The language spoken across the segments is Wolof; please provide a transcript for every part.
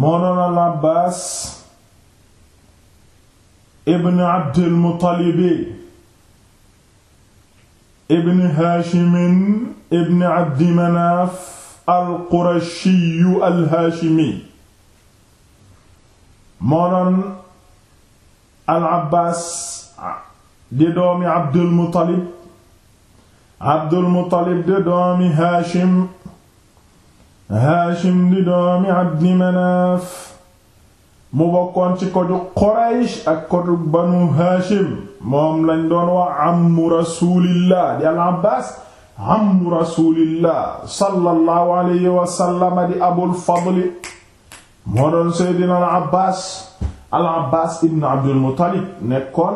moo noon al abbaas ibn abdil muttalibi ibn haashimin ibn abdi manaaf al qurashiyu al haashimi moo doon al abbaas di doomi abdul muttalib abdul muttalib di doomi haashim haashim di doomi abdi manaaf mu bokkoon ci koju quraysh ak koju banu haashim moom lañ doon wax ammu rasuulillah di al abbaas ammu rasuulillah sallallahu alayhi wa sallama di abul fadli moo seydina al abbaas al abbaas ibn abdul muttalib nekkoon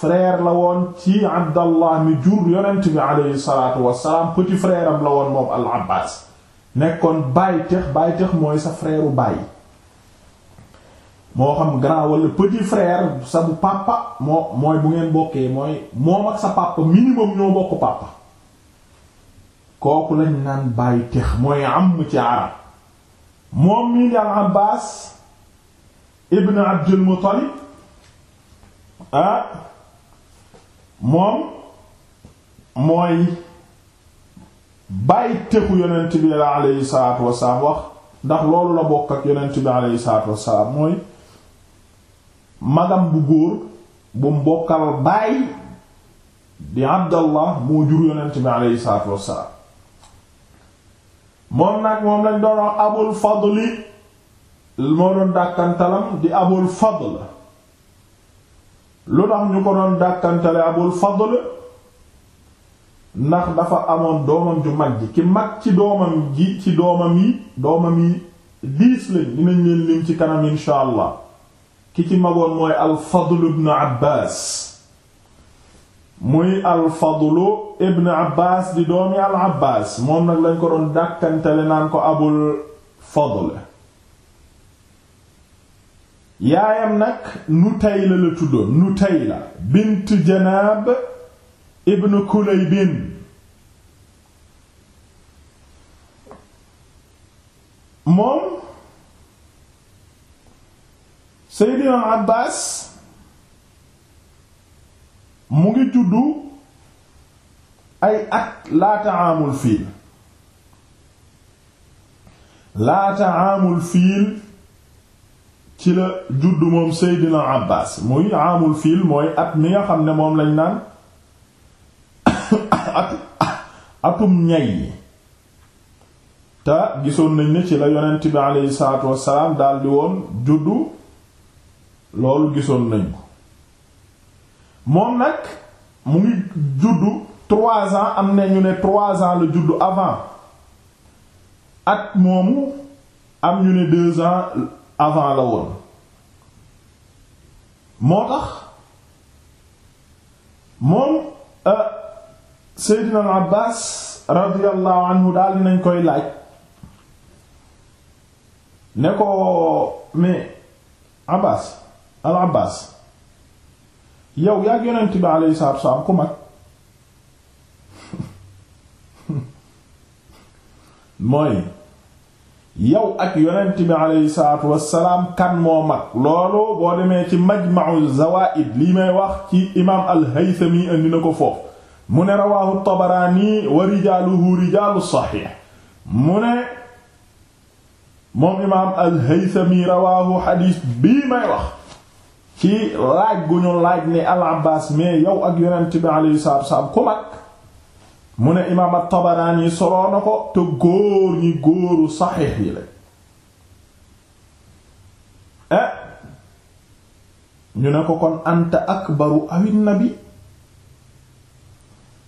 frère la woon ci abdallah mi jur yonent bi alayhi salaatu wassalaam petit frère am la moom al abbaas nekkoon baay tex baay mooy sa freeru baay moo xam grand wala petit frère sa bu papa moo mooy bu ngeen bokkee mooy moom ak sa papa minimum ñoo bokk papa kooku lañ naan baay tex mooy am ci arab moom mii di Abbaas ibn Abdul Muttalib ah, moom mooy bàyyi texu yonent bi la aleyhi salaatu wasalaam wax ndax loolu la bokk ak yonent bi aleyhi salaatu wasalaam mooy magam bu bu mbokkal bàyyi di abdallah moo jur yonent bi moom nag moom lañ doon abul fadli moo doon dàkkantalam di abul fadl lu tax ñu ko doon dàkkantale abul fadl ndax dafa amoon doomam ju mag ji ki mag ci doomam ji ci doomam yi doomam yi diis lañ dinañ leen lim ci kanam insha allah ki ci magoon mooy alfadlu ibn abbas muy alfadlu ibn abbas di doomi al abbas moom nag lañ ko doon dàkkantele naan ko abul fadl yaayam nag nutayla la tuddoon nutayla bint janaab ibn Kulaybin moom Seydina Abbaas mu ngi juddu ay at laa ta'aamul fiil laa ta'aamul fiil ci la juddu moom Seydina Abbaas muy aamul fiil mooy at mi nga xam ne moom lañ naan atum ñay yi te gisoon nañ ne ci la yonent bi aleyhi salaatu wassalaam daldi woon juddu loolu gisoon nañ ko moom nag mu ngi juddu trois ans am na ñu ne trois ans la juddu avant at moomu am ñu ne deux ans avant la woon moo tax moom euh seydina al abbaas radiyallahu anhu daal koy laaj ne ko mais abbaas al abbaas yow yaa yonent bi alayhi salaatu wassalaam ku mag mooy yow ak yonent bi alayhi salaatu wassalaam kan moo mag loolu boo demee ci majma'u zawaid lii may wax ci imaam al haythami indi na ko foofu mu ne rawaahu tabaraani wa rijaaluhu rijaalu saxiix mu ne moom imaam al-Haythami rawaahu xadiis bii may wax ci laaj gu ñu laaj ne al-Abbaas mais yow ak yonent bi alayhi salaatu wassalaam ku mag mu ne imaam at-Tabaraani soloo ko te góor ñi góoru saxiix yi lañ eh ñu ne ko kon anta akbaru awin nabi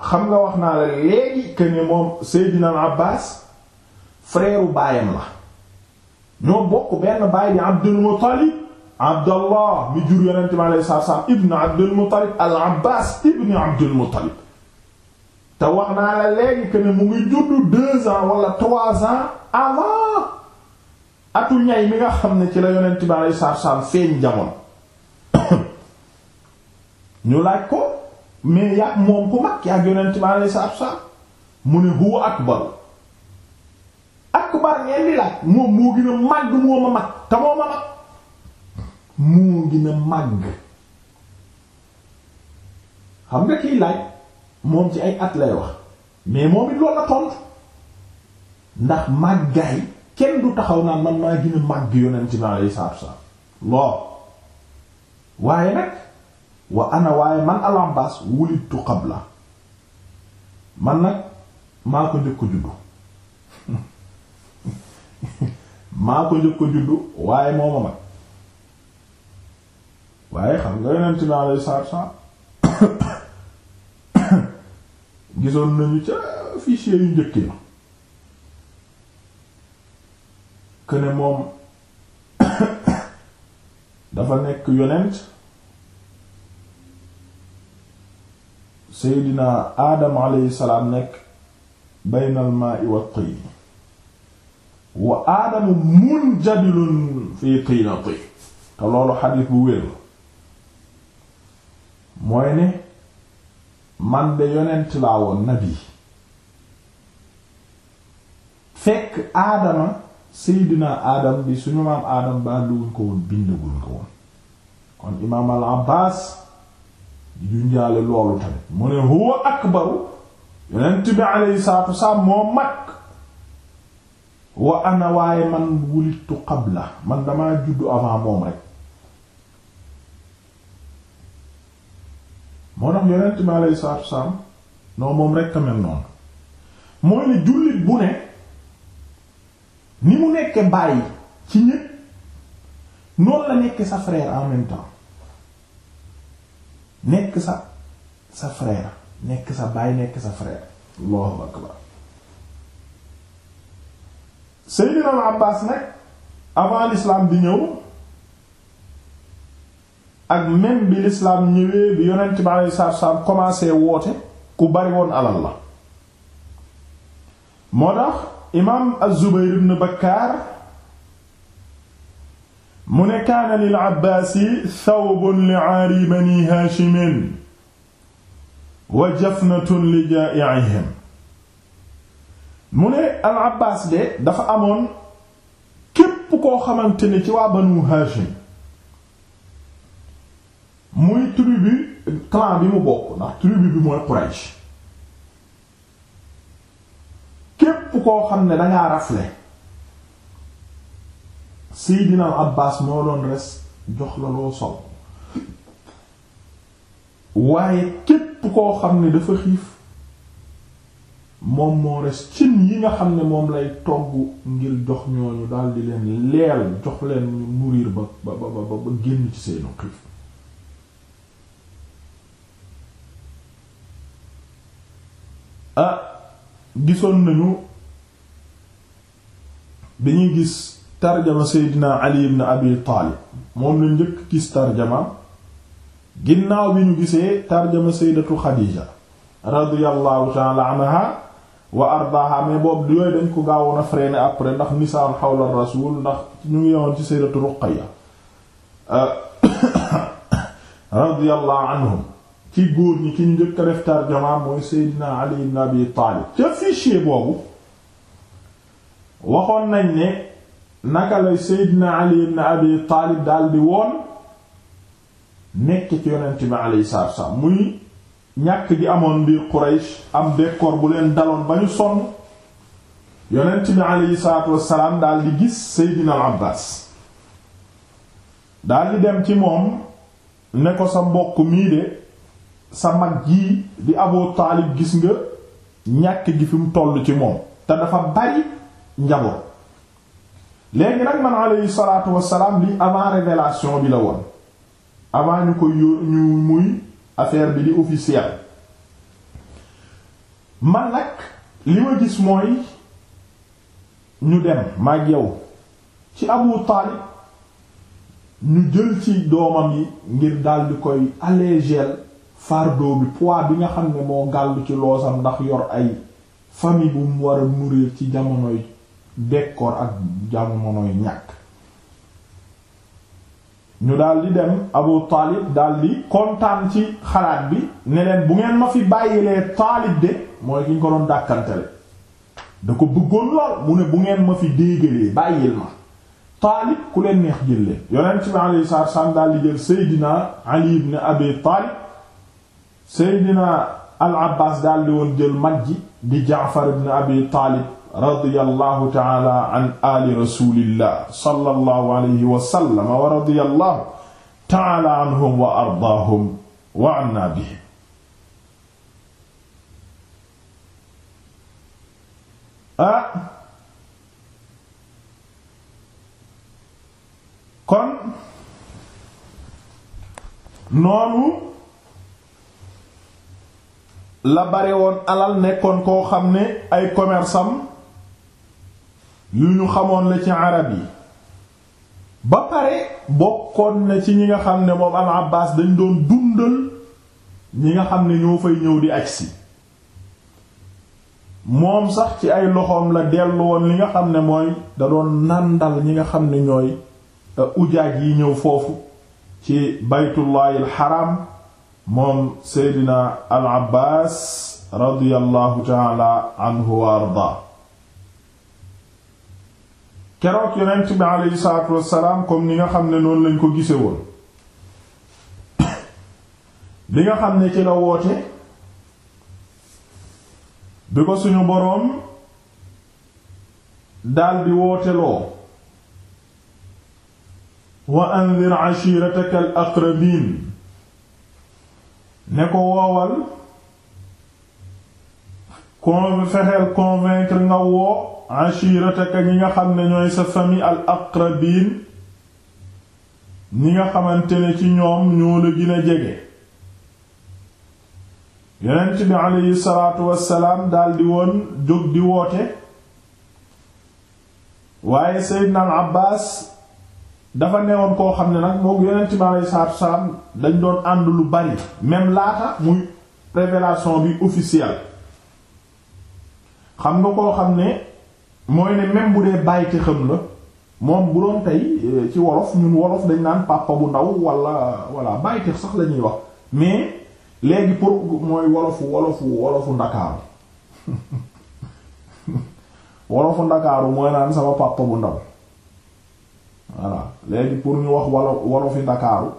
xam nga wax naa la léegi que ne moom Seydina Abbas frère baayam la ñoo bokk benn baay bi Abdul Muttalib Abdallah mi jur yonent mi alayhi salaatu salaam ibn Abdul Muttalib al Abbas ibn Abdul te wax naa la léegi que mu ngi judd deux ans wala trois ans avant atu ñay mi nga xam ne ci la yonent mi alayhi salaatu salaam feeñ jamono ñu laaj ko. mais yàgg moom ku mag yàgg yonent mi alayhi salaatu salaam mu ne huwa akbar akbar ngeen di laaj moom moo gën a moo ma mag te moo ma mag moo gën a màgg xam nga kiy laaj moom ci ay at lay wax mais moom it loolu la tontu ndax màggaay kenn du taxaw naan man maa gën a màgg yonent mi alayhi salaatu salaam lool waaye nag wa ana waaye man al Abbaas wulidtu qabla man nag maa ko njëkk juddu maa ko njëkk juddu waaye moo ma mag waaye xam nga yonent bi alayhi salaatu wa gisoon nañu ca fichier yu njëkk yi que moom dafa nekk yonent seydina adam alayhi salaam nekk baynal maa'i wa tiin wa aadamu munjadilun fi tiinati te loolu xadiis bu wér mooy ne man de yonent laa woon nabi fekk aadama seydina adam bi suñu maam aadam baa luwuñ ko woon bindagul ko woon kon imaam al abbaas junjaale loolu tamit mu ne huwa akbaru yonent bi alayhi salaatu wasalaam moo mag wa ana waaye man wulitu qabla man damaa juddu avant moom rek moo tax yonent bi alayhi salaatu wasalaam non moom rek tamit noonu mooy ne jullit bu ne ni mu nekke bàyyi ci ñépp noonu la nekke sa frère en nekk sa sa frère nekk sa baay nekk sa frère allahu akbar Seydina Abbas nag avant l'islam di ñëw ak même bi l'islam ñëwee bi yonent bi alayhi salaatu salaam commencé woote ku bari woon alal la moo tax imaam Az-Zubayr ibn mu ne kaana lil abbaasi thawbun li aari bani wa jafnatun li jaaihim mu ne al abbaas de dafa amoon képp koo xamante ne ci waa banu haashim muy tribu clan bi mu bokk ndax tribu bi mooy Quraysh képp koo xam ne dangaa rafle Seydina Abbas moo doon res jox la loo sol waaye képp koo xam ne dafa xiif moom moo res cin yi nga xam ne moom lay togg ngir jox ñooñu daal di leen leel jox leen nourrir ba ba ba ba génn ci seenu xiif ah gisoon nañu dañuy gis tarjama seydina ali ibn abi taalib moom la njëkk gis tarjamaam ginnaaw bi ñu gisee tarjama seydatu xadiija radiyallahu taala anha wa ardaha mais boobu yooyu dañ ko gaawoon a freiné après ndax nisaan xawla rasul ndax ñu ngi yoon ci seydatu ruqayya radiyallahu anhum ci góor ñi ki njëkk a def tarjama mooy seydina ali ibn abi taalib ca fichier boobu waxoon nañ ne naka lay Seydina Ali ibn Abi Taalib daldi woon nekk ci yonent bi alayhi salaatu wassalaam muy ñàkk gi amoon biir Quraysh am bekkoor bu leen daloon ba ñu sonn yonent bi alayhi salaatu wassalaam daldi gis Seydina Abbaas daldi dem ci moom ne ko sa mbokk mii de sa mag jii di Abu gis nga ñàkk gi fi mu ci moom te dafa bari njaboot léegi nag man alayhi salaatu wassalaam li avant révélation bi la woon avant ñu koy yóor ñu muy affaire bi di officiel man nag li ma gis mooy ñu dem mag yow ci Abu Taalib ñu jël ci doomam yi ngir daldi koy alléger fardeau bi poids bi nga xam ne moo gàll ci loosam ndax yor ay famille bu mu war ci jamonoy bekkoor ak jamonoy ñàkk ñu daal dem Abu Taalib daal kontaan ci xalaat bi ne leen bu ngeen ma fi bàyyilee Taalib de mooy ki ñu ko doon dàkkantele da ko bëggoon lool mu ne bu ngeen ma fi déegalee bàyyil ma Taalib ku leen neex jël leen yonent bi alayhi salaatu wa salaam jël Seydina Ali ibn Abi Taalib Seydina al abbaas daldi woon jël mag ji di jaafar ibn abi taalib radiyallahu taala an ali rasulillah sallallahu alayhi wa sallam wa radiyallahu taala anhum wa ardaahum wa anna bihim ah kon noonu la bare woon alal nekkoon koo xam ne ay commerçant yu ñu xamoon la ci arab yi ba pare bokkoon na ci ñi nga xam ne moom al Abbaas dañ doon dundal ñi nga xam ne ñoo fay ñëw di agsi moom sax ci ay loxoom la dellu woon li nga xam ne mooy da doon nàndal ñi nga xam ne ñooy euh, ujaaj yi ñëw foofu ci baytullahil xaram moom seydina al abbaas radiyallahu taala anhu wa ardaa keroog yonent bi aleyhi comme ni nga xam ne noonu lañ ko gise woon bi nga xam ne ci la woote bi ko suñu boroom daldi wooteloo wa anzir ashirataka al ne ko woowal kon fexeel convaincre nga woo ashirataka ñi nga xam ne ñooy sa famille al aqrabin ñi nga xamante ne ci ñoom ñoo la gën a jege yonent bi aleyhi salaatu wassalaam daldi woon jóg di woote waaye seydna al abbaas dafa newoon koo xam ne nag moom yeneen ci maaley saatu salaam dañ doon ànd lu bari même laata muy révélation bi officielle xam nga koo xam ne mooy ne même bu dee bàyyite xam la moom bu doon tey eh, ci wolof ñun wolof dañ naan papa bu ndaw walla wala bàyyite sax la wax mais léegi pour mooy wolofu wolofu wolofu ndakaaru wolofu ndakaaru mooy naan sama papa bu ndaw voilà léegi pour ñu wax walo fi ndakaaru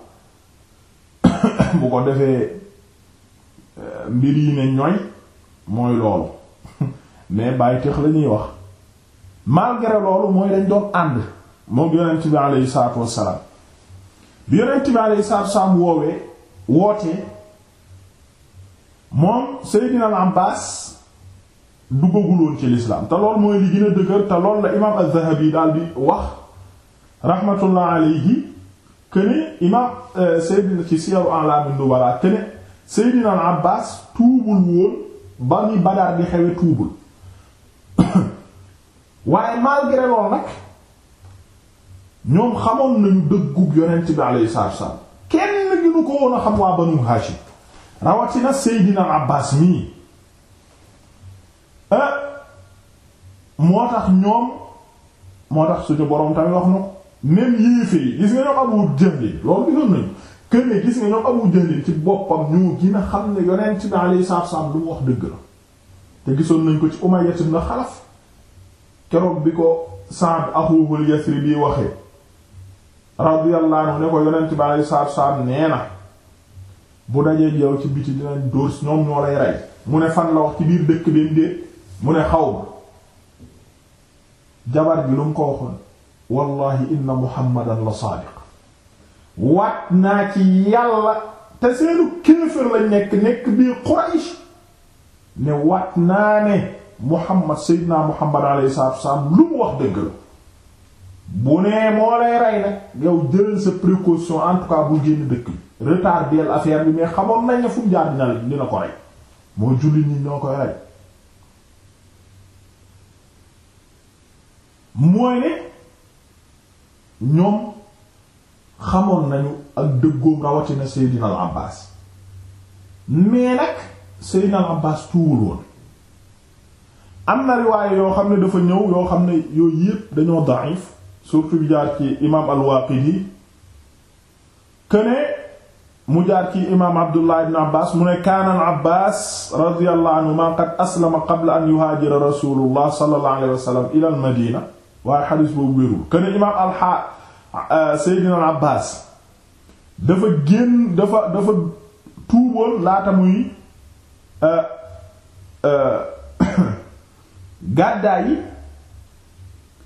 bu ko defee euh, mbir yi ne ñooy mooy loolu mais bàyyi tex la ñuy wax malgré loolu mooy dañ doon ànd moom yonent bi aleyhi salaatu wassalaam bi yonent bi aleyhi salaatu wassalaam woowee wootee moom Seydina al Abbaas duggaguloon ci te lool mooy li gën a dëgër te loolu la imaam az-Zahabi daal di wax rahmatullah alayhi këne imaam euh, Seydina ci siyaru a'lamin nubala këne Seydina al Abbaas tuubul woon ba ni Badar di xewe tuubul waaye malgré lool nag ñoom xamoon nañu dëggug yonent bi alayhi salaatu kenn ginu ko woon a xam waa Banu Haashim rawatina Seydina al Abbaas mii euh, moo tax ñoom moo tax suñu boroom tamit wax na même yéefee fii gis nga ñoom Abu Jahl loolu gisoon nañu que ne gis nga ñoom Abu Jahl ci boppam ñu gën xam ne yonent bi alayhi salaatu wassalaam lu mu wax dëgg la te gisoon nañ ko ci Umayya ibn Xalaf keroog bi ko Sa'd axuhul Yasribi waxee radiyallahu anhu ne ko yonent bi alayhi salaatu wassalaam nee na bu dajee yow ci biti dinañ dóor ñoom ñoo lay rey mu ne fan la wax ci biir dëkk bi mu ne xaw ma jabar bi lu mu ko waxoon. wallahi inna muhammadan la saadiq waat naa ci yàlla te seenu kéefër lañ nekk nekk bii Quraysh ne waat naa ne muhammad seydinaa muhammad alayhi salaatu wassalaam lu mu wax dëgg la bu nee moo lay rey nag yow jëlal sa précaution en bul génn dëkk bi retardeel affaire bi mais xamoon nañ ne fu jaar dina dina ko rey moo julli nii ñoo koy rey mooy ne ñoom xamoon nañu ak dëggoom rawatina Seydina al Abbas mais nag Seydina al Abbas tuwul am na riwaaye yoo xam ne dafa ñëw yoo xam ne yooyu yépp dañoo da'if surtout bi ci imaam al-Waaqidi mu jaar ci imaam Abdullah ibn Abbas mu ne kaana al Abbas radiyallahu anhuma qad aslama qabla an yuhaajira rasulullah sallallahu alayhi wa ila al waaye xadis boobu wérul kene imaam alxaa Seydina Abbaas dafa génn dafa dafa laata muy gàddaay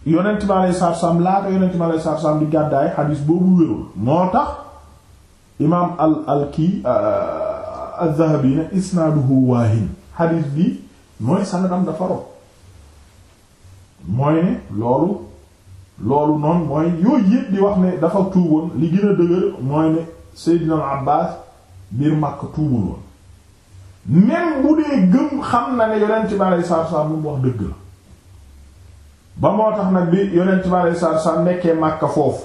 yi yonent bi alei satu di gàddaay xadis moo tax imaam al al kii az-Zahabi ne isnaaduhu waahin xadis bi mooy sanadam dafa rob mooy ne loolu loolu noonu mooy yooyu yëpp di wax ne dafa tuuboon li gën a dëgër mooy ne Seydina Abbas biir Makka tuubul woon même bu dee gëm xam na ne yonent bi alei satu salaam dëgg la ba moo tax nag bi yonent bi alei satu nekkee Makka foofu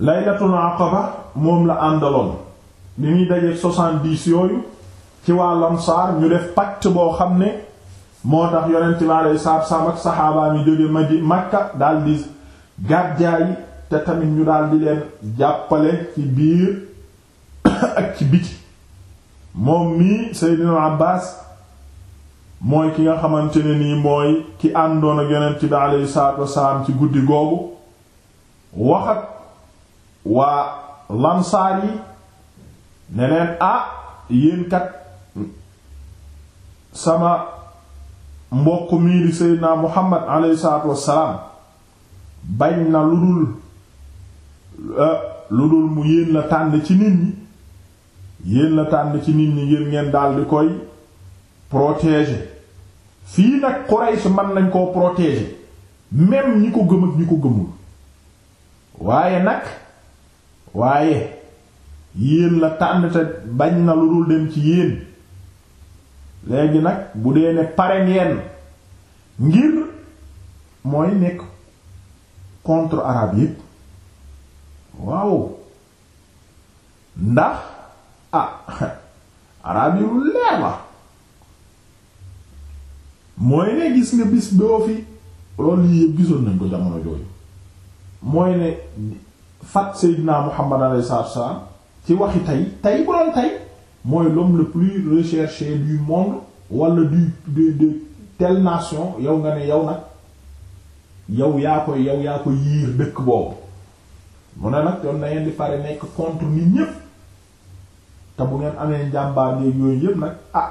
laylatul aqaba moom la àndaloon li ñuy dajee soixante-dix yooyu ci waa Ansaar ñu def pacte boo xam ne moo tax yonent bi alayhi salaatu salaam ak saxaabaam yi jóge maji Makka daal di te tamit ñu daal leen jàppale ci biir ak ci biti moom mii Seydina Abbaas mooy ki nga xamante ne nii mooy ki àndoon ak yonent bi alayhi salaatu wasalaam ci guddi googu wax ak waa lamsaar yi ne leen ah sama mbokk mii di seydinaa muhammad alayhi salaatu wassalaam bañ na lu dul euh, lu dul mu yéen la tànn ci nit ñi yéen la tànn ci nit ñi ngir ngeen daldi koy protéger fii nag Quraysh man nañ koo protéger même ñi ko gëm ñi ko gëmul waaye nag waaye yéen la tànn te bañ na lu dul dem ci yéen léegi nag bu dee ne pare ngeen ngir mooy nekk contre arabe yépp waaw ndax a ah, arabe yi lu leer la mooy ne gis nga doo fi loolu yépp gisoon nañ ko jamono jooju mooy ne fat Seydina Muhammad alayhi salaatu wa salaam ci waxi tey tey bu doon tey mooy l'homme le plus recherché du monde wala du de de telle nation yow nga ne yow nag yow yaa koy yow yaa ko yiir dëkk boobu mu ne nag doon na ngeen di pare nekk contre nit ñépp te bu ngeen amee njàmbaar léegi yooyu yépp nag ah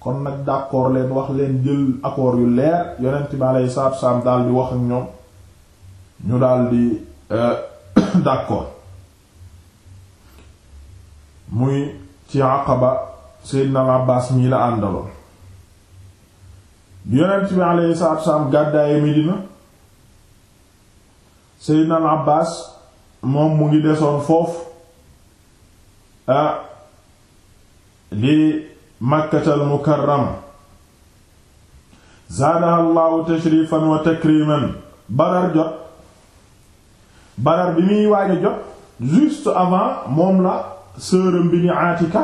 kon nag d'accord leen wax leen jël accord yu leer yonent bi aleyhi salaatu salaam daal di wax ak ñoom ñu daal di euh, d'accord muy ci Aqaba Seydina al Abbaas mii la àndaloon yonent bi alayhi salaatu wassalaam gàddaaye Medina Seydina al Abbaas moom mu ngi desoon foofu ah li Makkatal Mukarrama zaadaha Allahu wa takriman Badar jot Badar bi muy waaj a jot juste avant moom la sëram bi ñu Aatika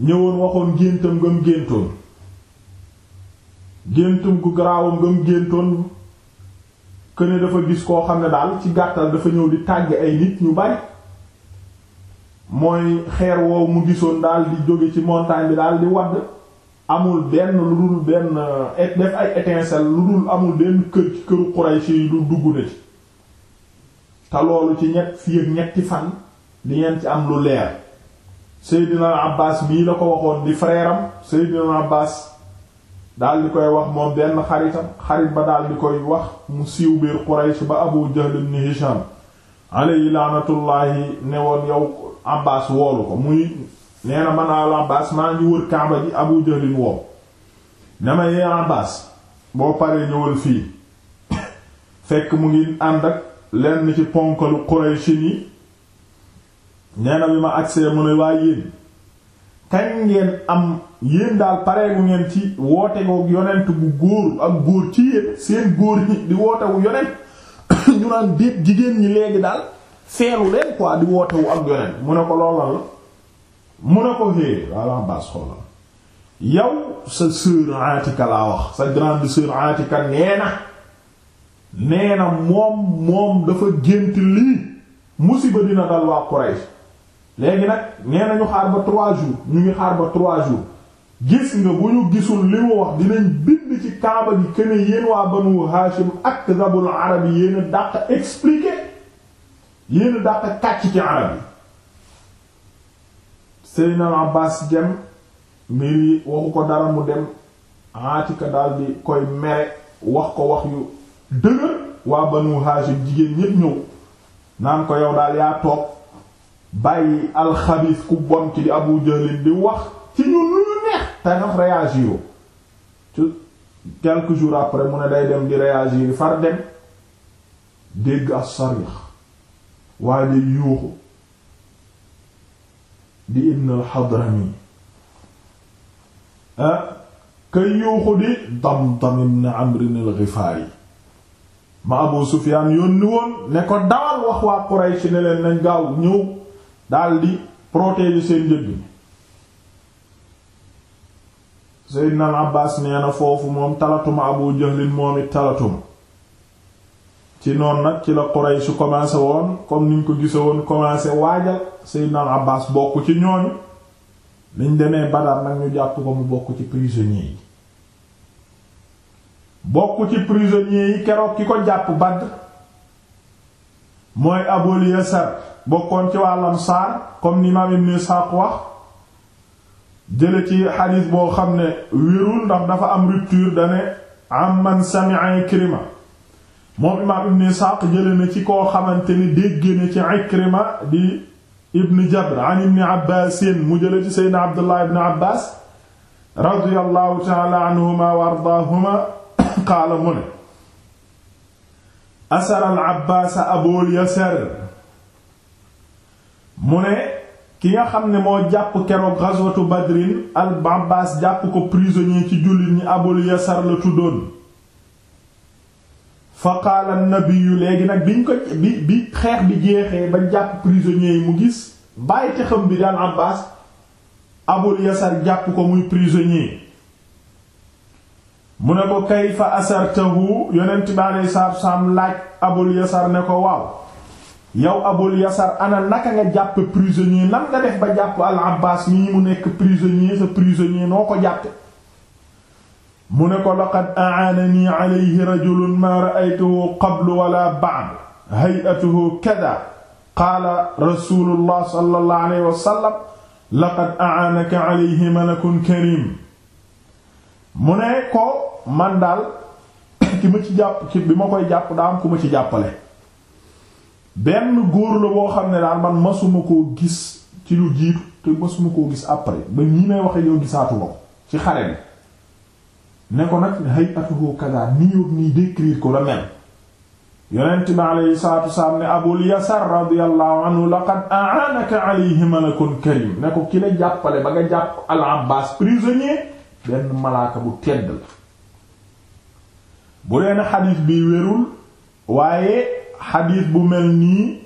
ñëwoon waxoon géntam ngam géntoon géntam gu garaawam ngam géntoon këne dafa gis koo xam ne daal ci gàttal dafa ñëw di tàgg ay nit ñu bari mooy xeer woow mu gisoon daal di jóge ci montagne bi daal di wadd amul benn lu dul benn eh, def ay étincelle lu dul amul benn kër ci këru Quraysh yi du dugg na te loolu ci ñett fii ak ñetti fan di ngeen ci am lu leer Seydina Abbas bii la ko waxoon di frère am Seydina Abbas di koy wax moom benn xaritam xarit ba daal di koy wax mu siiw biir Quraysh ba Abu Jahl ibn Hisham alayhi laanatullaahi ne woon yow Abbas woolu ko muy nee na man maa ngi wër Kaaba ji Abu Jahlin woom ne ma yee Abbas boo paree ñëwal fii fekk mu ngi ànd ak lenn ci ponkalu Quraysh yi nee na bi ma agsee mun ne waaye yéen kañ ngeen am yéen daal pareegu ngeen ci woote googu yonent bu góor ak góor ci yéen seen góor ñi di woote yonent ñu naan déet jigéen ñi léegi daal feelu leen quoi di woote wu ak yonent mu ne ko loolal la mu ne ko hee walla baas xoolal yow sa sœur Atika laa wax sa grande sœur Atika nee na nee na moom moom dafa gént lii musiba dina dal waa Quraysh léegi nag nee nañu xaar ba trois jours ñu ngi xaar ba trois jours gis nga bu ñu gisul li mu wax dinañ bind ci kaaba gi këne yéen waa banu Hashim akdabul arab yi yéen a dàq expliqué yéen a dàq kàcc ci arab yi Seynal Abbas dem mbir yi waxu ko dara mu dem Atika daal di koy mere wax ko wax yu dëgër waa banu Hashim jigéen ñépp ñëw naan ko yow daal yaa toog bàyyi alxabis ku bon ci di Abu Jahl di wax ci ñun lu ñu neex te ñoom réagir ci quelques jours après mu ne day dem di réagir far dem dégg as-sarix waaye day yuuxu di Ibn al-Hadrami ah yuuxu di Damdam ibn Amr al-Ghifari ma Abu Sufyan yónni woon ne ko dawal wax waa Quraysh ne leen nañ gaaw ñëw. daal di protéger seen njëg mi Seydina al Abbaas nee foofu moom talatuma Abu Jahlin moom it talatuma ci noon nag ci la Quraysh su commencé woon comme niñ ko gise woon commencé waajal Seydina al Abbaas bokk ci ñooñu liñ demee Badar nag ñu jàpp ko mu bokk ci prisonniers yi bokk ci prisonniers yi keroog ki ko jàpp Badr mooy Abul Yasar bokkoon ci wàllam saar comme ni imaam ibn Isaaq wax jële ci xadiis boo xam ne wérul ndax dafa am rupture dane am man sami'a Ikrima moom imaam ibn Isaaq jële na ci koo xamante ni dégg na ci Ikrima di ibn Jabr an ibn Abbaasin mu jële ci Seydina Abdullah ibn Abbaas radiyallahu ta'ala anhuma wa ardaahuma qaala mu ne asara al Abbaas abul Yasar mu ne ki nga xam ne moo jàpp keroog ghazwatu badrin al abbas jàpp ko prisonnier ci jullit ñi abul yasar la tuddoon fa qaala nabiyu léegi nag biñ ko bi bi xeex bi jeexee ba jàpp prisonnier yi mu gis bàyyi te bi daal abbas abul yasar jàpp ko muy prisonnier mu ne ko kayfa asartahu yonent bi alei salaatu salaam laaj abul yasar ne ko waaw yow abul yasar ana naka nga jàppe prisonnier nan nga def ba jàpp al abbas nii mu nekk prisonnier sa prisonnier noo ko jàppe mu ne ko laqad a'aananii alayhi rajulun maa ra'aytuhu qablu wala ba'd hay'atuhu kada qaala rasulullah sallallahu alayhi wa sallam laqad a'aanaka alayhi malakun karim mu ne ko man daal ki ma ci jàpp bi ma koy jàpp daa am ku ma ci jàppale benn góor la boo xam ne daal man masuma koo gis ci lu jiitu te masuma koo gis après ba ñii may waxe yow gisaatu ko ci xare bi ne ko nag hay'atuhu kaza ni yoog nii décrire ko la mel yonent bi aleyhi salatu wasalaam ne abul yasar radiyallahu anhu laqad a'anaka alayhi malakun karim ne ko ki la jàppale ba nga jàpp al abbas prisonnier benn malaaka bu tedd la bu leen xadiis bi wérul waaye xadiis bu mel nii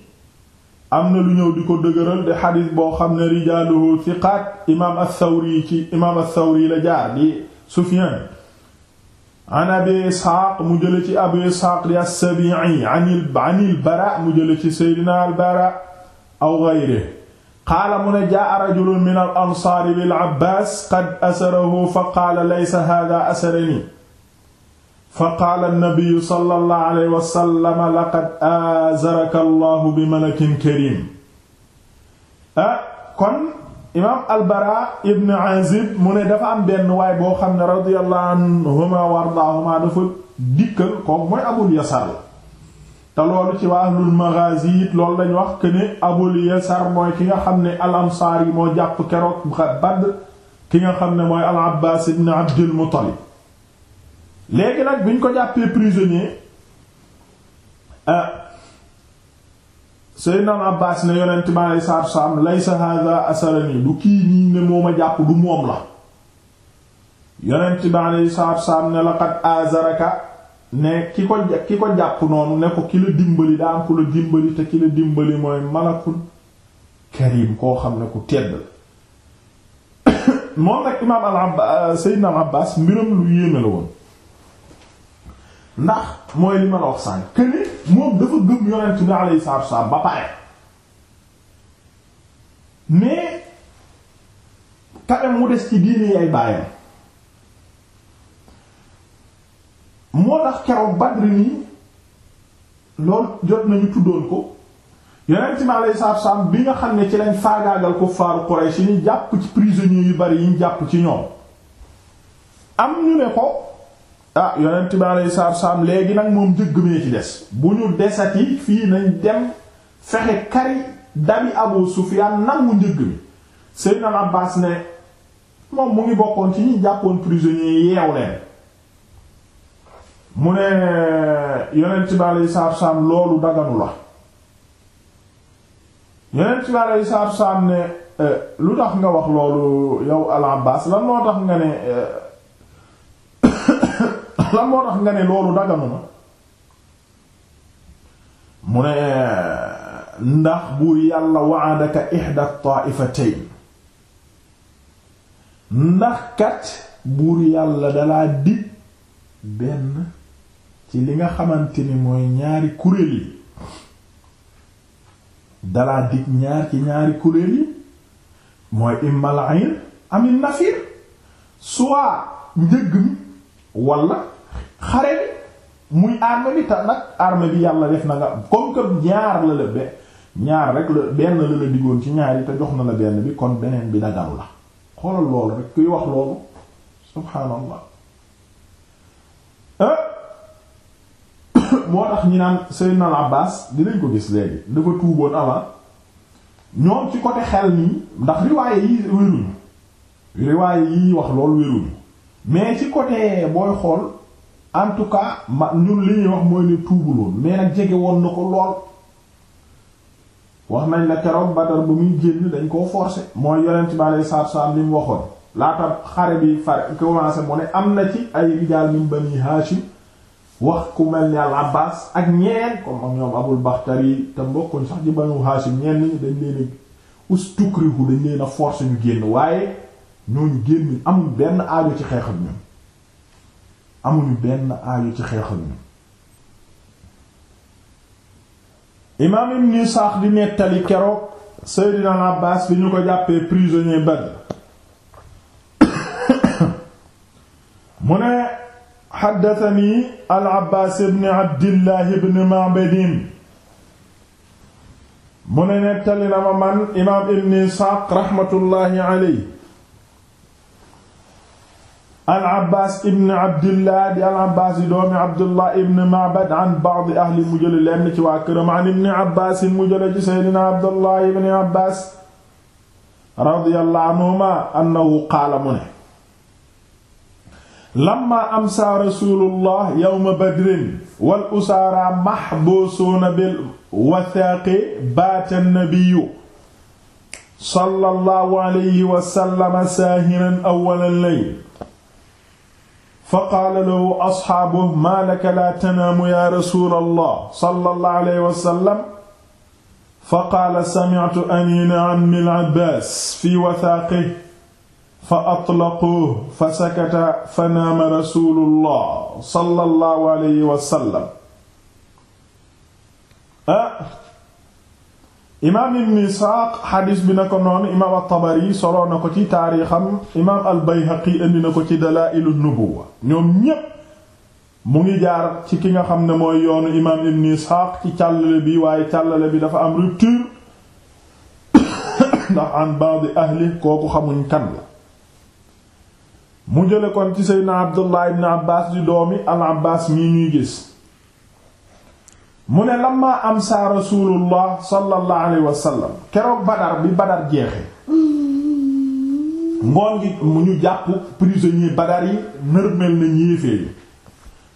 am na lu ñëw di ko dëgëral de xadiis boo xam ne rijaaluhu siqaat imaam as-Sawri ci imaam as-Sawri la jaar di Sufyaan an abi isxaaq mu jële ci abu isxaaq di as-Sabi'i anil bara mu jële ci seydina al-bara aw gayre qaala mu ne jaa rajulun min al-ansaari bil-Abbaas qad asarahu fa qaala laysa haadaa asaranii fa qaala nabiyu sallallahu alayhi wa sallam laqad aazaraka allahu bi malakin karim ah kon imaam albara ibn azib mu ne dafa am benn waay boo xam ne radiyallahu anhuma wa ardaahuma dafa dikkal kooku mooy abul yasar la te loolu ci waa ahlul maghazi it loolu lañu wax que ne abul yasar mooy ki nga xam ne al ansaar yi moo jàpp keroog Badr ki nga xam ne mooy al abbaas ibn abdul muttalib léegi nag bi ñu ko jàppee prisonnier euh, Seydina Abbas ne yonent baax na salatu salaam laysa lay asarani du kii nii ne moo la yonent bi alei salatu salaam ne laqad azaraka ne ki ko ki ko jàpp noonu ne ko ki la dimbali daa am ku la dimbali te ki la dimbali mooy malakul karim koo xam ne ku tedd la moom nag imaam al Abbaas Seydina Abbas mbiram lu yéeme la woon ndax mooy li ma la wax sànq que ni moom dafa gëm yonent bi alayhi salaatu wasallam ba pare mais quand mu des ci diine ay bàyyam moo tax keroog Badr nii loolu jot nañu tuddoon ko yonent bi alayhi salaatu wasallam bi nga xam ne ci lañ faagaagal ko faaru Quraysh ni jàpp ci prisonniers yu bari yi ñu jàpp ci ñoom am ñu ne ko. ah yonent bi alayhi salaatu salaam léegi nag moom njëgg mee ci des bu ñu desati fii nañ dem fexe kari dabi Abu Sufyaan nangu njëgg mi Seydina Abbaas ne moom mu ngi bokkoon ci ñi jàppoon prisonnier yeew leen mu ne yonent bi alayhi salaatu salaam loolu daganu la yonent bi alayhi salaatu salaam ne eh, lu tax nga wax loolu yow al lan moo tax nga ne eh, lan moo tax nga ne loolu daganu na mu ne ndax buur yàlla wa'adaka ihda taa'ifatayn ndax kat buur yàlla dalaa di benn ci li nga xamante ni mooy ñaari kuréel yi dalaa dig ñaar ci ñaari kuréel yi mooy immal amin nafir soit njëgg mi walla xare bi muy arme bi ta nag arme bi yàlla def na nga comme que ñaar la la be ñaar rek la benn la la diggoon ci ñaar te jox na la benn bi kon beneen bi dagaru la xoolal loolu rek kuy wax loolu subhaanallah ah! moo tax ñi naan Seydina Abbas dinañ ko gis léegi dafa tuuboon avant ñoom ci côté xel nii ndax riwaaye yi wéruñu riwaaye yi wax lool wéruñu mais ci côté booy xool en tout cas ma ñun li ñuy wax mooy ne tuubuloon mais nag jege woon na ko lool wax nañ la keroog Badar bu muy génn dañ koo forcer mooy yonent bi alei saatu salaam li mu waxoon laata xare bi fare commencé mu ne am na ci ay rijaal min bani Haashim wax ku mel ni al ak ñeen comme ak ñoom Abul Baxtari te mbokkuñ sax ci banu Haashim ñeen ñi dañ leen a ustukrihu dañ leen a forcer ñu génn waaye ñooñu génn amul benn aajo ci xeexam ñoom amuñu benn aayu ci xeexal ñu imaam ibn Isaaq di nettali keroog Seydina Abbaas bi ñu ko jàppee prisonnier Badr mu ne xaddatani al-Abbaas ibn Abdillah ibn Ma'badin mu ne nettali na ma man imaam ibn Isaaq raxmatullaahi alayhi al-Abbaas ibn Abdillah di al-Abbaas di doomi Abdullah ibn Ma'bad an ba'd ahli mu jële lenn ci waa këram an ibn Abbaas mu jële ci Seydina Abdullah ibn Abbaas radiyallahu anhuma annahu qaala mu ne lamma amsa rasulullah yawma badrin wal usaara mahbuusuuna bil wathaaqi baata nabiyyu sallallahu alayhi wa sallam saahiran awwalal layl fa qaala lahu asxaabuhu maa laka laa tanaamu yaa rasuulallah sallallahu alayhi wa sallam fa qaala sami'tu aniina ammi al-Abbaas fii wasaaqihi fa atlaquuhu fa sakata fa naama rasuulullah sallallahu alayhi wa sallam ah imaam ibn Isxaaq xadiis bi na ko noonu imaam at-Tabari soloo na ko ci taarixam imaam al-Bayhaqi indi na ko ci Dalaa'ilu nubuwa ñoom ñépp mu ngi jaar ci ki nga xam ne mooy yoonu imaam ibn Isxaaq ci càllale bi waaye càllale bi dafa am rupture ndax an ba'd ahli kooku xamuñ kan la mu jële kon ci Seydina Abdullah ibn Abbaas di doomi al-Abbaas mii ñuy gis mu ne lamma am rasulullah sallallahu alayhi wa sallam keroog badar bi badar jeexee ngoon gi mu ñu jàpp prisonnier badar yi nërmel na ñéefee yi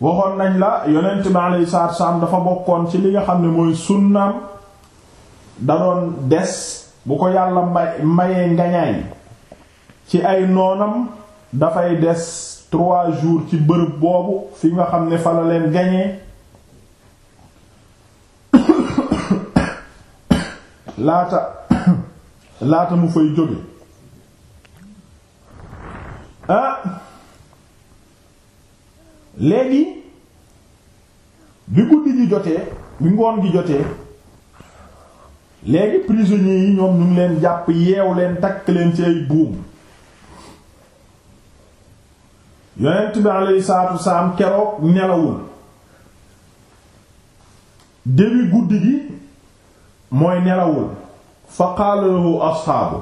waxoon nañ la yonent bi alayhi salaatu salaam dafa bokkoon ci li nga xam ne mooy sunnaam da doon des bu ko yàlla may mayee ngañaay ci ay noonam dafay des trois jours ci bërëb boobu fi nga xam ne fa la gañee laata laata mu fay jóge ah, léegi bi guddi gi jotee bi ngoon gi jotee léegi prisonniers yi ñoom ñu leen jàpp yeew leen takk leen ci ay buum yonent bi alayhi salaatu wasalaam keroog nelawul début guddi gi mooy nelawul fa qaala lahu asxaabu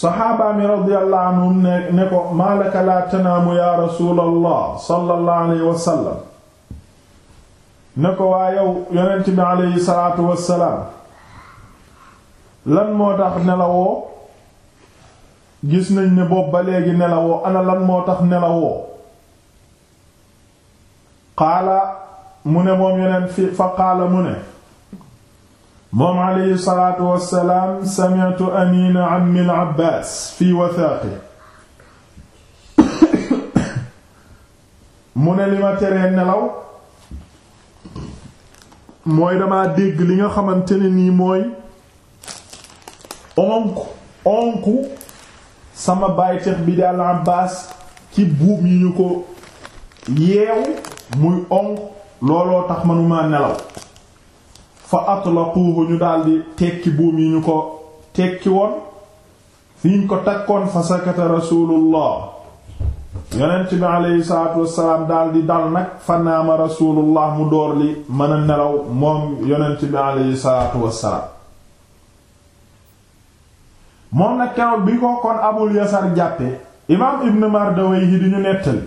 saxaabaa mi radiyallahu anhum ne ne ko maalaka laa tanaamu yaa rasuulallah sallallahu alayhi ne ko waa yow yonent bi alayhi salaatu wassalaam lan moo tax nelawoo gis nañ ni boobu ba léegi nelawoo ana lan moo tax nelawoo qaala mu ne moom yonent fi fa qaala mu ne moom alayhi salaatu wassalaam sami'tu amiina ammi al-Abbaas fii wathaaqi mu ne li ma teree nelaw mooy dama dégg li nga xamante ne nii mooy onk onk sama bàyteex bi di al-Abbaas ci buum yi ñu ko yeewu muy onk looloo tax manuma nelaw fa atlaquhu ñu daldi tekki buum yi ñu ko tekki woon fiiñ ko takkoon fa sakata rasulullah yonent bi aleyhi salaatu wassalaam daldi dal nag fa naama rasulullah mu door li mën a nelaw moom yonent bi aleyhi salaatu wassalaam moom nag keroog bi ko kon abul yasar jàppe imaam ibn Mardawayhi di ñu nettali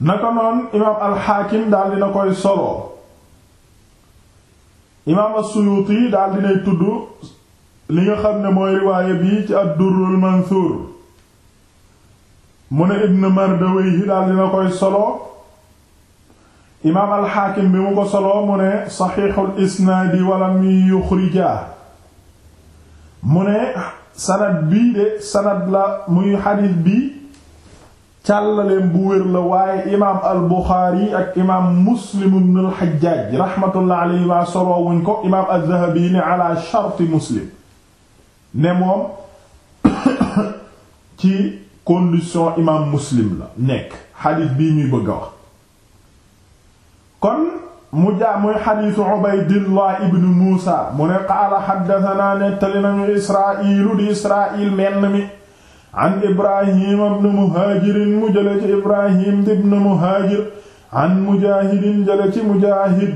naka noon imaam alxaakim daldi na koy solo imaam as-Suyuuti daal dinay tudd li nga xam ne mooy riwaaya bi ci ad-Durrul Mansuur mu ne Ibn Mardawayhi daal dina koy solo imaam al-Haakim bi mu ko solo mu ne saxiixul isnaadi walam yuxrijaa mu ne sanad bii de sanad la muy xadiis bi càllaleen bu wér la waaye imaam al ak imaam muslim ibn al xajjaaj rahmatullah ko imaam al dhahabi ne sharti muslim ne moom ci condition imaam muslim la nekk xadiis bii ñuy bëgg wax kon mu jaa xadiisu ubaydillah ibn muusa mu ne qaala xaddatanaa nettali nañu israa'iilu di israa'iil menn mi an ibrahim ibn muhajirin mu jële ci ibrahim ibn muhajir an mujahidin jële ci mujahid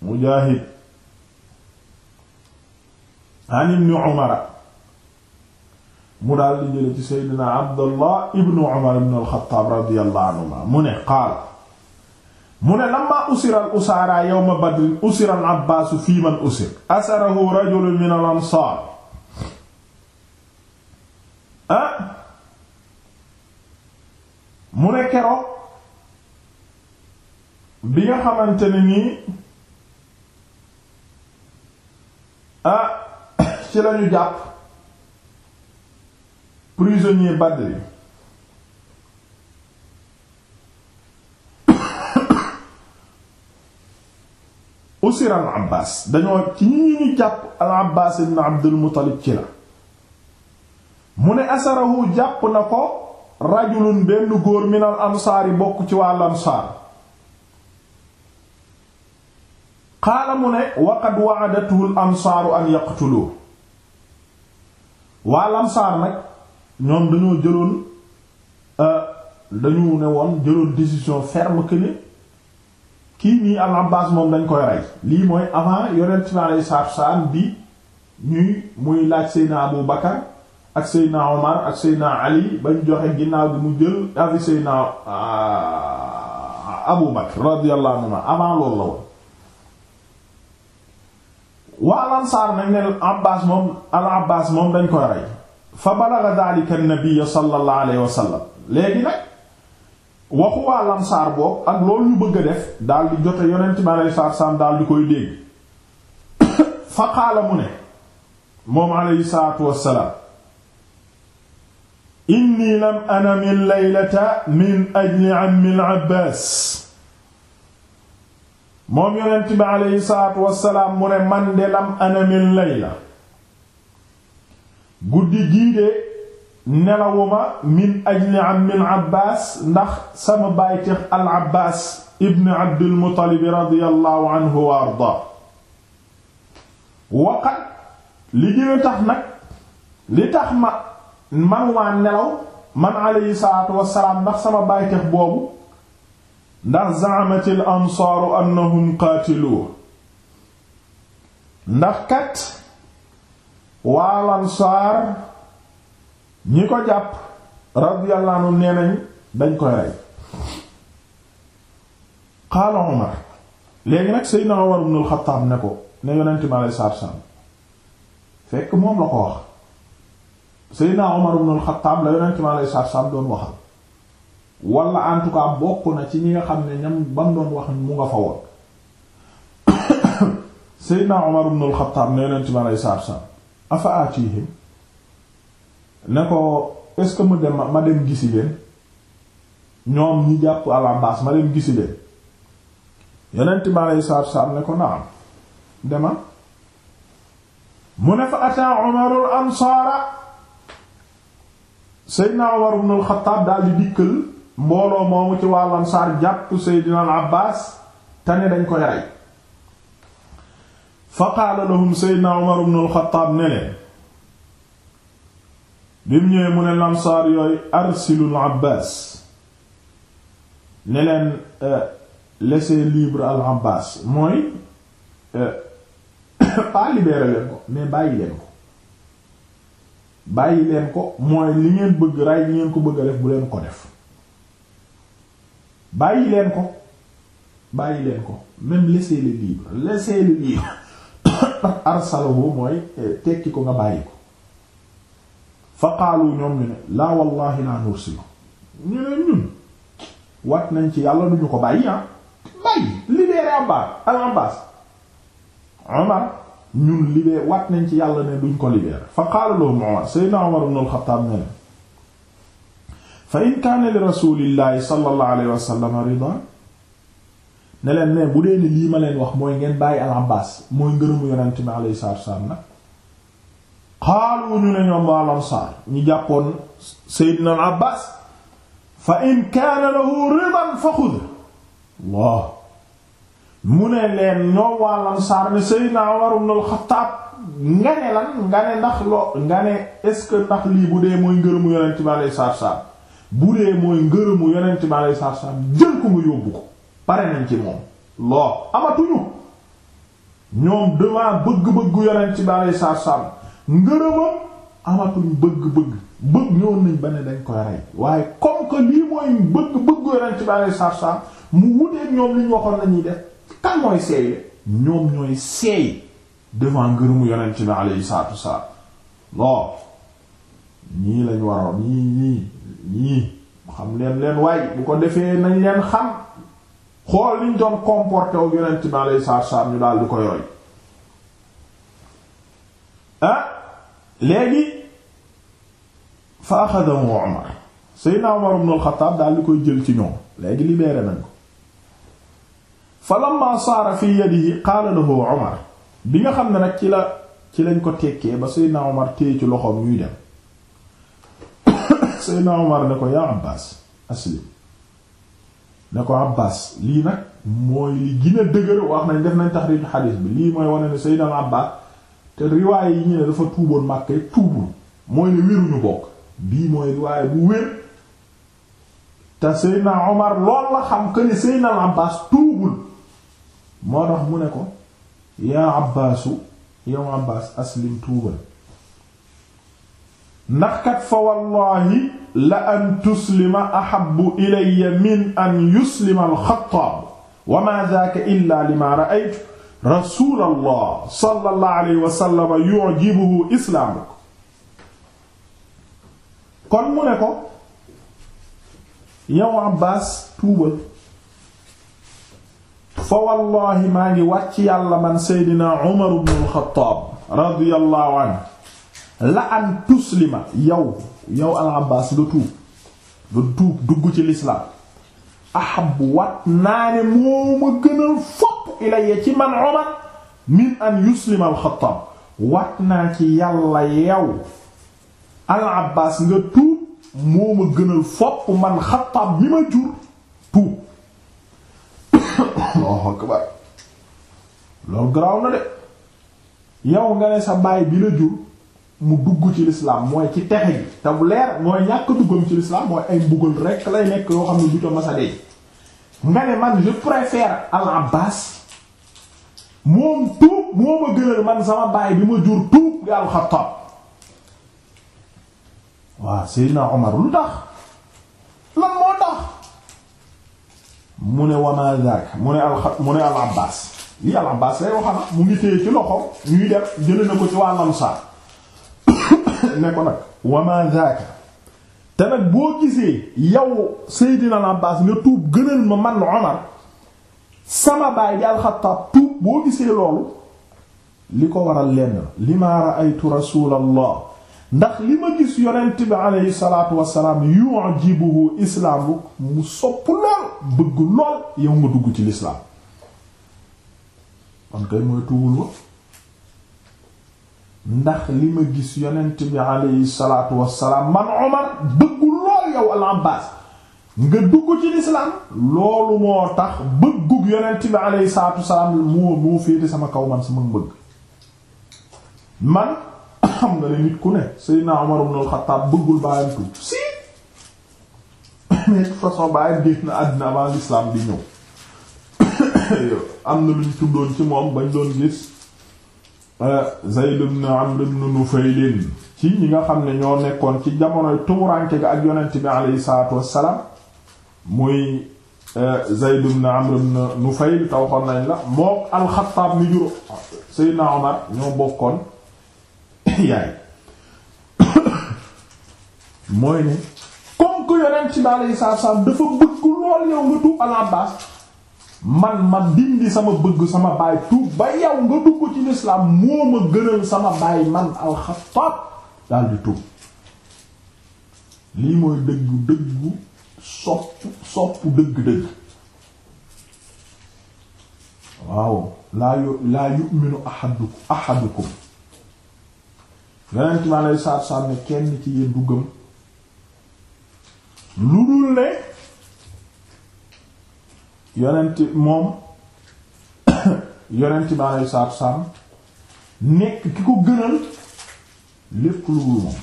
mujahid an ibn umara mu daal di jële ci seydina abdullah ibn umar ibn alxataab radiyallahu anhuma mu ne qaala mu ne lamma usiral usaara yawma badrin usiral abbaasu fii man usir asarahu rajulun min al ansaar ah mu ne keroog bi nga xamante ne nii ah ci lañu jàpp prisonnier Badri usir al Abbas dañoo ci ñi ñu jàpp al Abbas ibn Abdul Muttalib ci la mu ne asarahu jàpp na ko rajulun benn góor minal ansaar saari bokk ci wàll ansaar xaala mu ne waqad waadatuhul ansaaru an yaqtulu wàll ansaar nag ñoom dañoo jëloon euh, dañu ne woon jëloon décision ferme que kii nii al Abbaas moom dañ koy rey lii mooy avant yonent bi alayhi salaatu wa salaam bi ñuy muy laaj Seydina Abu Bakar ak Seydina Omar ak Seydina Ali bañ joxe ginnaaw bi mu jël afi Seydina ah, Abu Bakr radiyallahu anhu avant loolu la woon waa lansaar nañ ne Abbaas moom al Abbaas moom dañ koy rey fa balagha dhalika an-nabiy sallallahu alayhi wa sallam léegi nag waxu waa lansaar boobu ak loolu ñu bëgg a def daal di jote yonent bi alayhi salaatu salaam daal di koy dégg fa qaala mu ne moom alayhi salaatu wassalaam inni lam anamil laylata min ajli ammil abbaas moom mu ne man de lam anamil layla guddi gii de nelawuma min ajli ammil abbaas ndax sama bàyteex al abbaas ibn abdul muttalib radiyallahu anhu wa ardaa waqat li gën tax nag li tax ma man waa nelaw man alayhi salaatu wassalaam ndax sama bàytex boobu ndax zaamatil ansaaru annahum qaatiluhu ndax kat waal ansaar ñi ko jàpp radiyallahu anhu nee nañ dañ koy rey qaala Umar léegi nag Seydina Umar ibn al-Khattab ne ko ne yonent mi alayhi salaatu fekk moom la ko wax Seydina Omar ibn al-Khattab la yonent mi alayhi salaatu salaam doon waxal wala en tout cas bokk na ci ñi nga xam ne ñam ba mu doon wax mu nga fa woon Seydina Omar ibn al-Khattab ne yonent mi alayhi salaatu salaam ne ko est-ce que mu dem ma dem gisi ma dem mu ne fa ataa Umarul ansaara Seydina Umar ibn al-Khattab di dikkal mbooloo moomu ci waa Ansaar jàpp Seydina al-Abbaas te ne dañ koy rey fa qaala lahum Seydina Umar ibn al ne leen bi ñëwee mu ne Ansaar yooyu arsilu abbaas ne leen euh, laissez libre al-Abbaas mooy euh, pas leen ko mais bàyyi leen ko bàyyi leen ko mooy li ngeen bëgg ray li ngeen ko bëgg a def bu leen ko def bàyyi leen ko bàyyi leen ko même laissez-le libre laissez-le libre arsalahu mooy eh, tekki ko nga bàyyi ko fa qaalu ñoom ñu ne laa wallahi laa nursilu ñu ne ñun wat nañ ci yàlla duñu ko bàyyi ah bàyyi libéré Abbas al Abbas Omar ñun libérer wat nañ ci yàlla ne duñ ko libérer fa qaala lahum Umar sayyidina Umar ibn al-Khattab ne fa in kaana li rasulillahi sallallahu alayhi wa sallam ridan ne bu dee ni lii ma leen wax mooy ngeen bàyyi al-Abbaas mooy ngërëmu yonent bi alayhi salaatu nag xaalu ñu ne ñoom waa Ansaar ñu jàppoon sayyidina abbaas fa in kaana lahu ridan fa xud Allah mu ne leen ñoo wàllam saar ne Seydina Umar ibn al-Khattab nga ne lan nga ne ndax loo nga ne est-ce que ndax lii bu dee mooy ngërëmu yonent bi aleyhi salaatu salaam bu mooy ngërëmu yonent bi aleyhi salaatu salaam jël ko nga yóbbu ko pare nañ ci moom loo amatuñu ñoom dama bëgg-bëgg yonent bi aleyhi salaatu salaam ngërëmam amatuñ bëgg-bëgg bëgg ñoon nañ ba ne dañ koy rey waaye comme que lii mooy bëgg-bëgg yonent bi aleyhi salaatu salaam mu wuteeg ñoom li ñu lañuy def kan mooy seey ñoom ñooy seey devant ngërëmu yonent bi alayhi salaatu wasalaam non ñii lañ waroon ñii ñii ñii xam leen leen waaye bu ko defee nañ leen xam xool liñ doon comporté wu yonent bi alayhi salaatu wasalaam ñu daal di ko yooy ah léegi fa axadahu Umar Seydina Umar ibn al daal di koy jël ci ñoom léegi libéré nañ ko fa lamma saara fi yadihi qaala lahu Umar bi nga xam ne nag ci la ci lañ ko tekkee ba Seydina Umar téye ci loxoom ñuy dem Seydina Umar ne ko yaa Abbaas aslim ne ko Abbaas lii nag mooy li gën a dëgër wax nañ def nañ taxriij xadiis bi lii mooy wane ne Seydina Abbaas te riwaay yi ñu ne dafa tuuboon Makka tuubul mooy ne wéruñu bokk bii mooy riwaay bu wér te Seydina Umar lool la xam que ne Abbaas tuubul moo tax mu ne ko yaa abbaasu yow abbaas aslim tuubal ndax kat fa wallahi la an tuslima ahabbu ilayya min an yuslima alxattaab wa maa daaka illa lima ra'aytu rasuulallah sallallahu alayhi wa sallam yu'jibuhu islaamuk kon mu ne ko yow abbaas tuubal fa wallahi maa ngi wàcc yàlla man seydina umar ibn al-Khattab radiyallahu anhu la an tuslima yow yow al-Abbaas nga tuub nga tuub dugg ci lislaam ahabbu wat naa ne moo ma gënal fopp ilayya ci man umar min an yuslima al-Khattab wat naa ci yàlla yow al-Abbaas nga tuub moo ma gënal fopp man Xattaab mi ma jur tuub Allahu akbar loolu garaaw na de yow nga ne sa baay bi la jur mu dugg ci lislaam mooy ci texe gi te bu leer mooy ñàkk duggam ci lislaam mooy ay mbugal rek lay nekk yoo xam ne du ta masa dey nga ne man je préfère al Abbas moom tuub moo ma gënal man sama baay bi ma jur tuub di al Xattaab waaw Seydina lu tax lan moo tax mu ne wama zaak mu ne al mu ne al Abbaas lii al Abbaas lay waxana ah, mu ngi téye ci loxo ñuy def jële na ko ci waa Ansaar ne ko nag wama zaak te nag boo gisee yow Seydina al Abbaas nga tuub gënal ma man Omar sama baay di alxataab tuub boo gisee loolu li ko waral lenn la limaa ra'aytu rasuulallah ndax li ma gis yonent bi aleyhi salaatu wasalaam yu'jibuhu islaamuk mu sopp lool bëgg lool yow nga dugg ci lislaam kon kay mooy tuubul wa ndax li ma gis yonent bi aleyhi salaatu wasalaam man Omar bëgg lool yow al-Abbaas nga dugg ci lislaam loolu moo tax bëggug yonent bi aleyhi salaatu wasalaam moo moo féete sama kaw man sama mbëgg man xam na ne nit ku ne Seydina Umar ibn al-Khattab bëggul bàyyam tuub si mais de façon bàyyam génn na àddina avant l'islam di ñëw am na luñ tuddoon ci moom bañ doon gis euh, ci ñi nga xam ne ñoo nekkoon ci jamonoy tumuranke ak yonent bi alayhi salaatu wassalaam muy euh, Zayd ibn Amr taw xon nañ la mook al-Khattab mi jur Seydina Umar ñoo bokkoon yaay mooy ne comme que yonent ci daal yi saaf saaf dafa bëgg lool yow nga tuub al man ma dindi sama bëgg sama baay tuub ba yow nga dugg ci lislaam moo ma gënal sama baay man al-Xattaab daal di tuub lii mooy dëggu dëggu sopp sopp dëgg-dëgg waaw laa yu laa yu'minu ahadukum ahadukum yonent mi aleyhi salaatu salaam ne kenn ci yéen du gëm lu dul ne yonent moom yonent mi aleyhi salaatu salaam nekk ki ko gënal lépp lu dul moom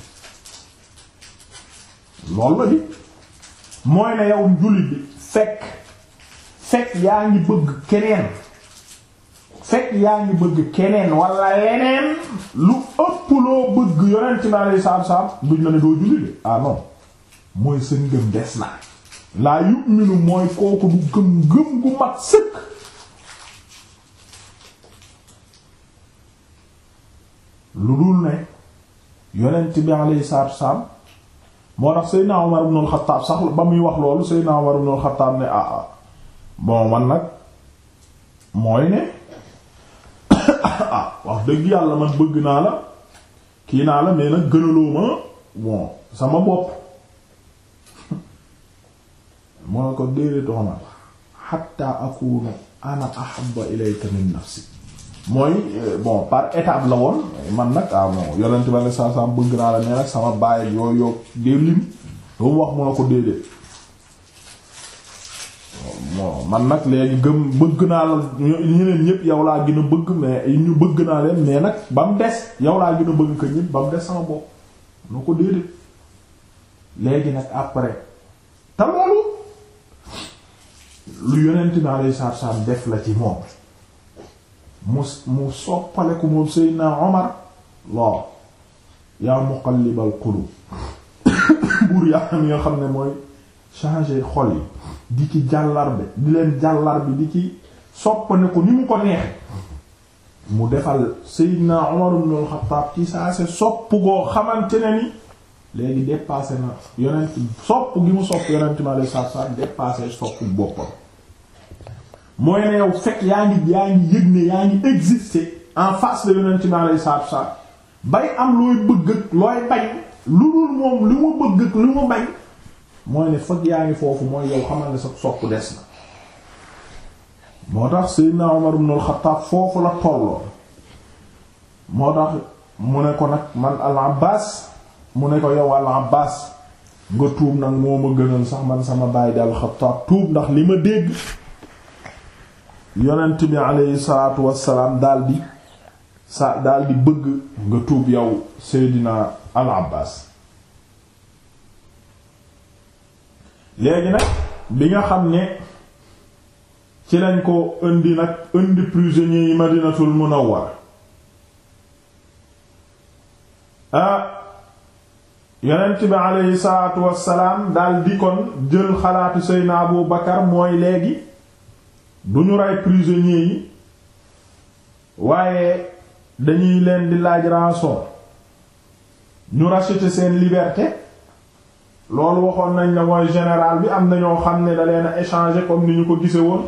loolu la di mooy ne yow jullit bi fekk fekk yaa ngi bëgg keneen fekk yaa ngi bëgg keneen wala leneen lu ëpp loo bëgg yonent bi alayhi salaatu salaam duñ la ah non mooy sa ngëm des na laa yu'minu mooy kooku du gëm gëm gu mat sëkk lu dul ne yonent bi alayhi salaatu salaam moo tax Seydina Omar ibn al-Khattab sax ba muy wax loolu Seydina Omar ibn al-Khattab ne ah ah bon man nag mooy ne ah wax dëgg yàlla man bëgg naa la kii naa la nee na gënaloo ma bon sama bopp moo ko déedéet omal hatta akunu ana ahabba ilayka min nafsi mooy euh, bon par étape la woon man nag ah bon yonent ba ne saa saa bëgg naa la nee nag sama bàyyi yooyu yow dee lim mu wax ko déedéet bon man nag léegi gëm bëgg naa la ñeneen ñépp yow laa gën bëgg mais ñu bëgg naa leen mais nag ba mu des yow laa gin a bëgg ko ñépp ba mu des sama bopp nu ko déedéet léegi nag après te loolu lu yonent bi alayhi salaatu salaam def la ci moom mu mu soppale ko moom Seydina Omar waaw yaa muqallibal qulub buur yaa xam nga xam ne mooy changer xol yi di ci jàllarbe di leen jàllarbe di ci soppane ko ni mu ko neexe mu defal Seydina Umar ibn al-Khattab ci saa se sopp goo xamante ne ni léegi dépassé na yonent sopp gi mu sopp yonent ma lay saab saab dépassé sopp boppam mooy ne yow fekk yaa ngi yaa ngi yëg ne yaa ngi exister en face de yonent ma lay saab saab bay am looy bëgg looy bañ lu dul moom lu mu bëgg ak lu mu bañ mooy ne fag yaa ngi foofu mooy yow xamal ne sa sopp des na moo tax Seydina Omar ibn al foofu la tolloon moo tax mu ne ko nag man al-Abbas mu ne ko yow al-Abbas nga tuub nag moo ma gënal sax man sama baay di al-Khattab tuub ndax li ma dégg yonent bi aleyhi salaatu wassalaam daal di sa daal di bëgg nga tuub yow Seydina al-Abbas léegi nag bi nga xam ne ci lañ ko indi nag indi prisonniers yi madinatul munawwar ah yonent bi aleyhi salaatu wassalaam dal di kon jël xalaatu seyna abu bakar mooy léegi du ñu rey prisonniers yi waaye dañuy leen di laaj rançon ñu racheter seen liberté loolu waxoon nañ ne mooy général bi am na ñoo xam ne da leen a échanger comme ni ñu ko gise woon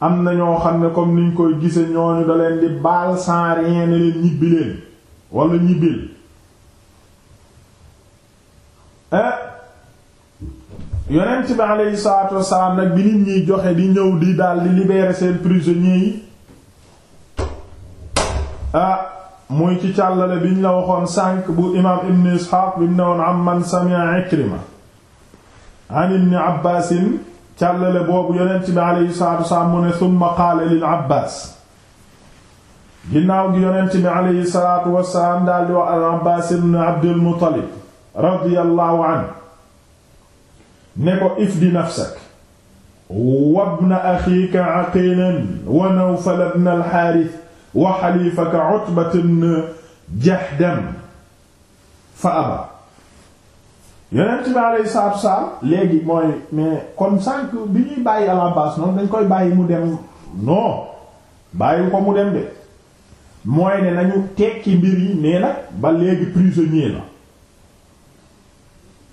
am na ñoo xam ne comme ni ñu koy gise ñooñu da leen di baal sans rien ne leen ñibbi leen wala ñibbil eh? yonent bi aleyhi salaatu wasalaam nag bi nit ñiy joxe di ñëw di daal di libérer seen prisonniers yi ah. muy ci càllale biñ la waxoon sànq bu imaam ibn isxaaq bi mu newoon man sami'a ikrima an ibni mu ne summa qaala lil abbaas ginnaaw gi yonent bi aleyhi daal di wax al abbaas ibn abdul muttalib radiyallahu anhu ne ko ifdi nafsak wabna axiika aqiilan wa nawfal ibn al xaaris wa xalifaka Utbata ibn Jahdam fa aba yonent bi alayhi salaatu salaam léegi mooy mais kon sànq bi ñuy bàyyi Al-Abbaas noonu dañ koy bàyyi mu dem non bàyyi ko mu dem de mooy ne nañu tekki mbir yi nee nag ba léegi prisonnier la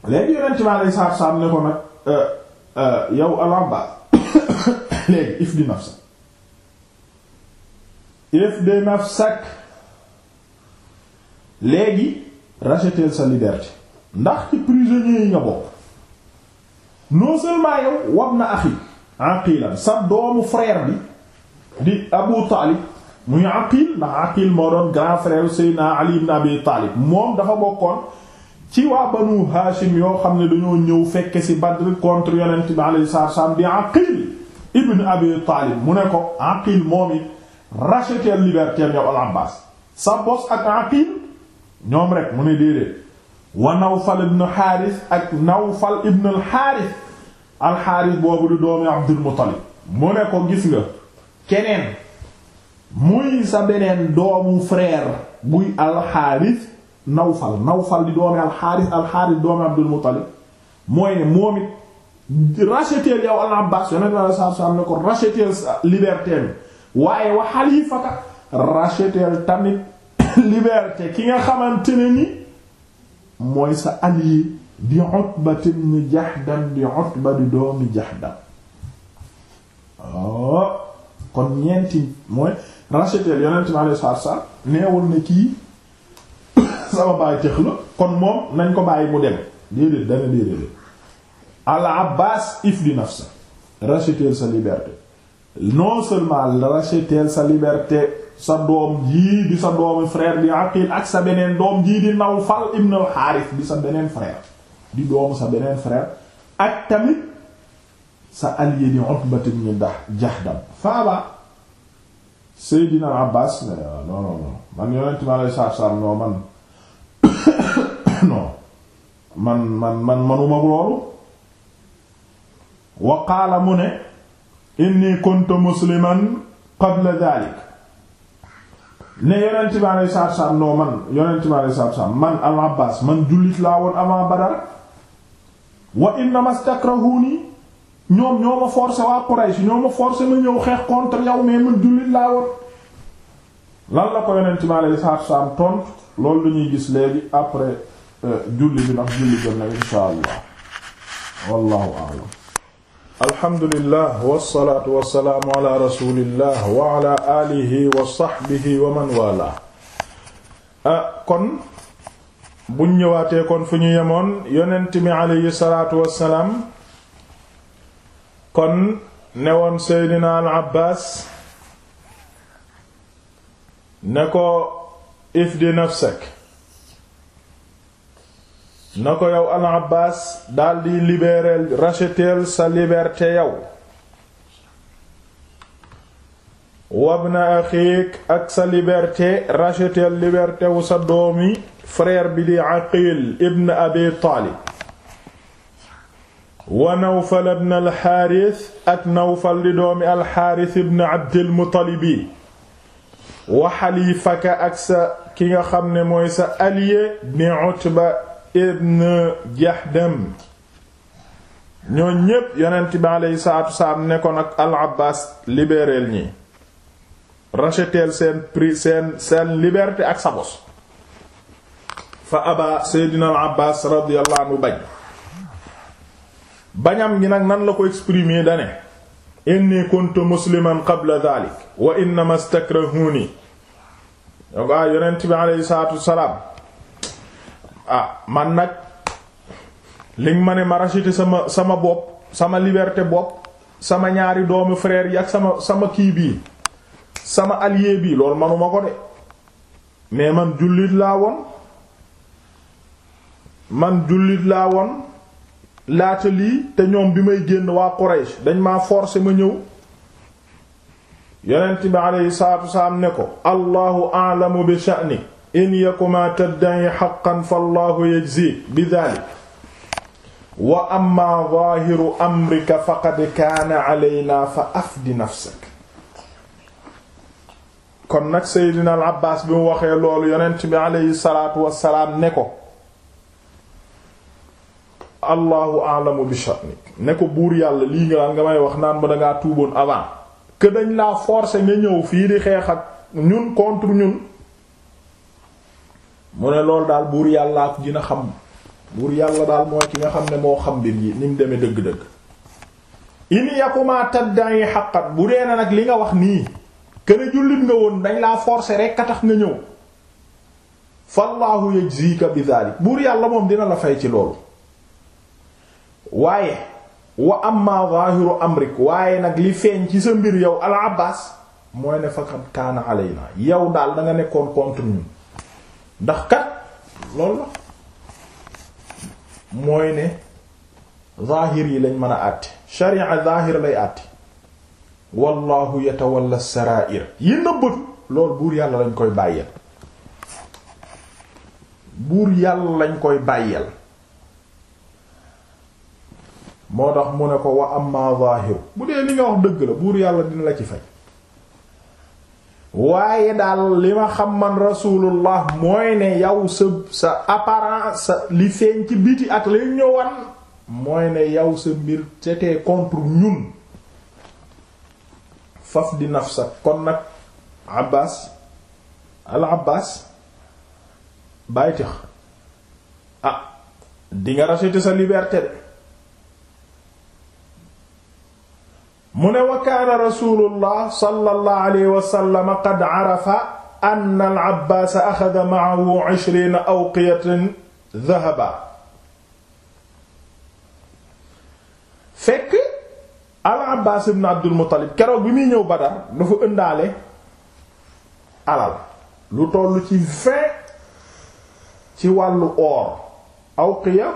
léegi yonent bi alayhi salaatu salaam ne ko nag euh, euh, yow Al-Abbaas léegi ifdi nafsa de ifde nafsak léegi racheter sa liberté ndax ci prisonnier yi nga bokk non seulement yow wab na axi aqilan sa doomu frère bi di Abu Talib muy aqil ndax aqil moo doon grand frère Seydina Ali ibn Abi Talib moom dafa bokkoon ci waa banu Hashim yoo xam ne dañoo ñëw fekke ci Badr contre yonent bi alayhi salaam bi aqil ibn Abi Talib mu ne ko aqil moom it racheter liberté yow al Abbas sa bos ak Aqil ñoom rek mu ne déedéet wa Nawfal ibn Xaaris ak Nawfal ibn al Xaaris boobu di doomi Abdul mu ne ko gis nga keneen muy sa beneen doomu frère buy al Nawfal Nawfal di doomi al Xaaris doomi Abdul mooy ne moom it racheter yow al Abbas yonent bi sallallahu alayhi wasallam ne ko racheter liberté waaye wa xalifaka rachetel tamit liberté ki nga xamante ne ni mooy sa allié di Utba ibn Jahdam di Utba doomi Jahdam oh, kon ñeenti mooy rachetel yonent mi alei satu salam neewul ne kii sama baay cëx kon moom nañ ko bàyyi mu dem déedéet dana déedéet al Abbas if di nafsa rachetel sa liberté non seulement racheter sa liberté sa doom jii di sa doomi frère bi Aqil ak sa beneen doom jii di Nawfal ibn al-Harith di sa beneen frère di doomu sa beneen frère ak tamit sa allié di Utbat ibn Jahdam faaba Seydina Abbas ne euh, non non non man yonent ma lay saab-saab non man non man manuma loolu wa mu ne inni kuntu musliman qabla dhalik ne yonent bi alayhi salaatu salaam noo man yonent bi alayhi salaatu salaam man al Abbaas man jullit laa woon avant Badar wa innama stakrahuni ñoom ñoo ma forcé waa Quraysh ñoo ma forcé ma ñëw xeex contre yow mais man jullit laa woon lan la ko yonent bi alayhi salaatu salaam tontu loolu lu ñuy gis léegi après euh, julli bi ndax julli bi nag insha allah wallahu a'lam alhamdulillah wasalaatu wasalaamu ala rasulillah wa ala alihi wa sahbihi wa man wala ah, kon buñ ñëwaatee kon fu ñu yemoon yonent mi alayhi salaatu wasalaam kon newoon seydina al abbas ne ko ifdi nafsak na ko yow al Abbaas daldi libérer racheter sa liberté yow wabna axiik ak sa liberté racheter liberté wu sa doomi frère bi di Aqiil ibn Abi Taalib wa Nawfal ibn al-Haaris ak Nawfal di doomi al-Haaris ibn Abdil Muttalibi wa xaliifaka ak sa ki nga xam ne mooy sa allié ni Utba ibn jahdam ñoo ñépp yonent bi aleyhi salaatu salaam nekkoon ak al abbas libéréel ñi racheter seen prix seen seen liberté ak sa bos fa aba seydina al abbas radiyallahu bañ bañam gi nag nan la ko exprimer dane inni kuntu musliman qabla dhalik wa innama istakrahuni yonent bi aleyhi salaatu salaam ah man nag li nga ma ne ma racheter sama sama bopp sama liberté bopp sama ñaari doomu frère yi ak sama sama kii bii sama allié bii loolu manuma ko de mais man jullit laa woon man jullit laa woon laata lii te ñoom bi may génn waa Quraysh dañ ma forcer ma ñëw yonent bi aleyhi salaatu wasalaam ne ko allahu a'lamu bi sha'ni in yaku maa tadda'i haqqan fallaahu yajzi bi dhalik wa amma zaahiru amrika faqad kaana alaynaa fa afdi nafsak kon nag seydina al abbaas bi mu waxee loolu yonent bi aleyhi salaatu ne ko allahu alamu bi sha'nik ne ko buur yàlla lii nga naan nga may wax naan ma dangaa tuuboon avant que laa forcer nga ñëw fii di xeex ak ñun contre ñun mu ne loolu daal buur yàlla ak dina xam buur yàlla daal mooy ki nga xam ne moo xam mbir yi ni mu demee dëgg-dëgg in yakuma tadda'i haqqan bu dee na nag li nga wax nii kene jullit nga woon dañ laa forcer rek ka tax nga ñëw fallahu yajzika bi dhalik buur yàlla moom dina la fay ci loolu waaye wa amma zahiru amrik waaye nag li feeñ ci sa mbir yow al abbas mooy ne faqad kaana alayna yow daal da nekkoon contre ndax kat loolu la mooy ne zaahir yi lañ mën a àtte sharia zaahir lay àtte wallahu yatawalla sarair yi nëbbatu loolu buur yàlla lañ koy bàyyeel buur yàlla lañ koy bàyyeel moo tax mu ne ko wa amma zaahir bu dee li nga wax dëgg la buur yàlla dina la ci fay waaye daal li ma xam man rasulullah mooy ne yow sa sa apparence sa li feeñ ci biti ak li ñëwan mooy ne yow sa mbir c'était contre ñun faf di sa kon nag abbas al abbas bàyyi tax ah di nga racheter sa liberté de mu ne wa kaana rasulullah sallallahu alayhi wa sallam qad arafa anna al-Abbaas axada ma'ahu ishriina awqiyatan dhahaban fekk al-Abbaas ibn Abdul Muttalib keroog bi muy ñëw Badar dafa ëndaale alal lu toll ci vingt ci wàllu or awqiya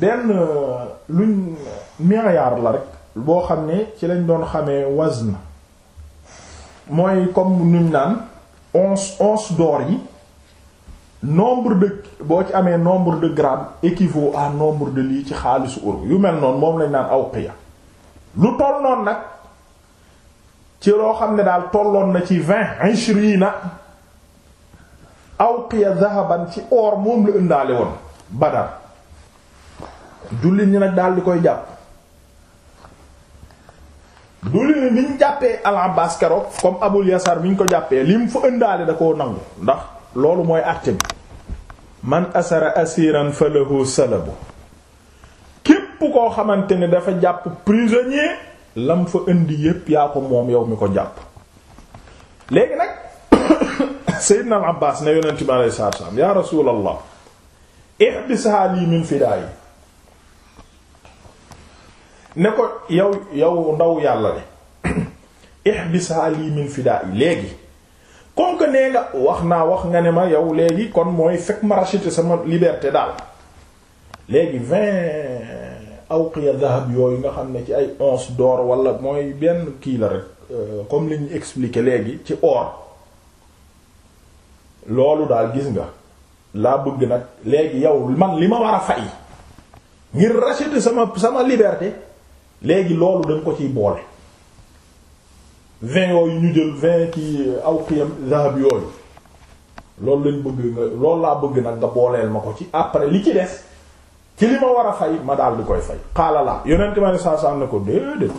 benn euh, luñ miyaar la rek boo xam ne ci lañ doon xamee wazn mooy comme nuñ naan onze onze d'or yi nombre de boo ci amee nombre de grammes équivaut à nombre de lii ci xaalisu euro yu mel noonu moom lañ naan awqiya lu toll noonu nag ci loo xam ne daal tolloon na ci vingt ishrina awqiya zahaban ci or moom la ëndaale woon Badar jullit ñi nag daal di koy jàpp jullit ñi niñ jàppee al keroog comme Abul Yasar mi ñu ko jàppee li mu fa ëndaale da koo nangu ndax loolu mooy àtte bi man asara asiran falahu salabu képp koo xamante ne dafa jàpp prisonnier lam fa indi yépp yaa ko moom yow mi ko jàpp léegi nag Seydina al-Abbas ne yonent bi alayhi salaam yaa rasuulallah ihbisha li min fidaa'i ne ko yow yow ndaw yàlla le ihbisa lii min fidaa yi léegi comme que nee nga wax naa wax nga ne ma yow léegi kon mooy fekk ma racheter sama liberté daal léegi vingt awqiya dahab yooyu nga xam ne ci ay once door wala mooy benn kii la rek euh, comme li ñu expliqué léegi ci or loolu daal gis nga laa bëgg nag léegi yow man li ma war fay ngir racheter sama sama liberté léegi loolu dañ ko ci boole vingt yooyu ñu jël vingt ci aw xiyam zahab yooyu loolu lañ bëgg nga loolu laa bëgg nag nga booleel ma ko ci après li ci des ci li ma war a fay ma daal di koy fay xaala laa yonent ma ne saa saa ne ko déedéet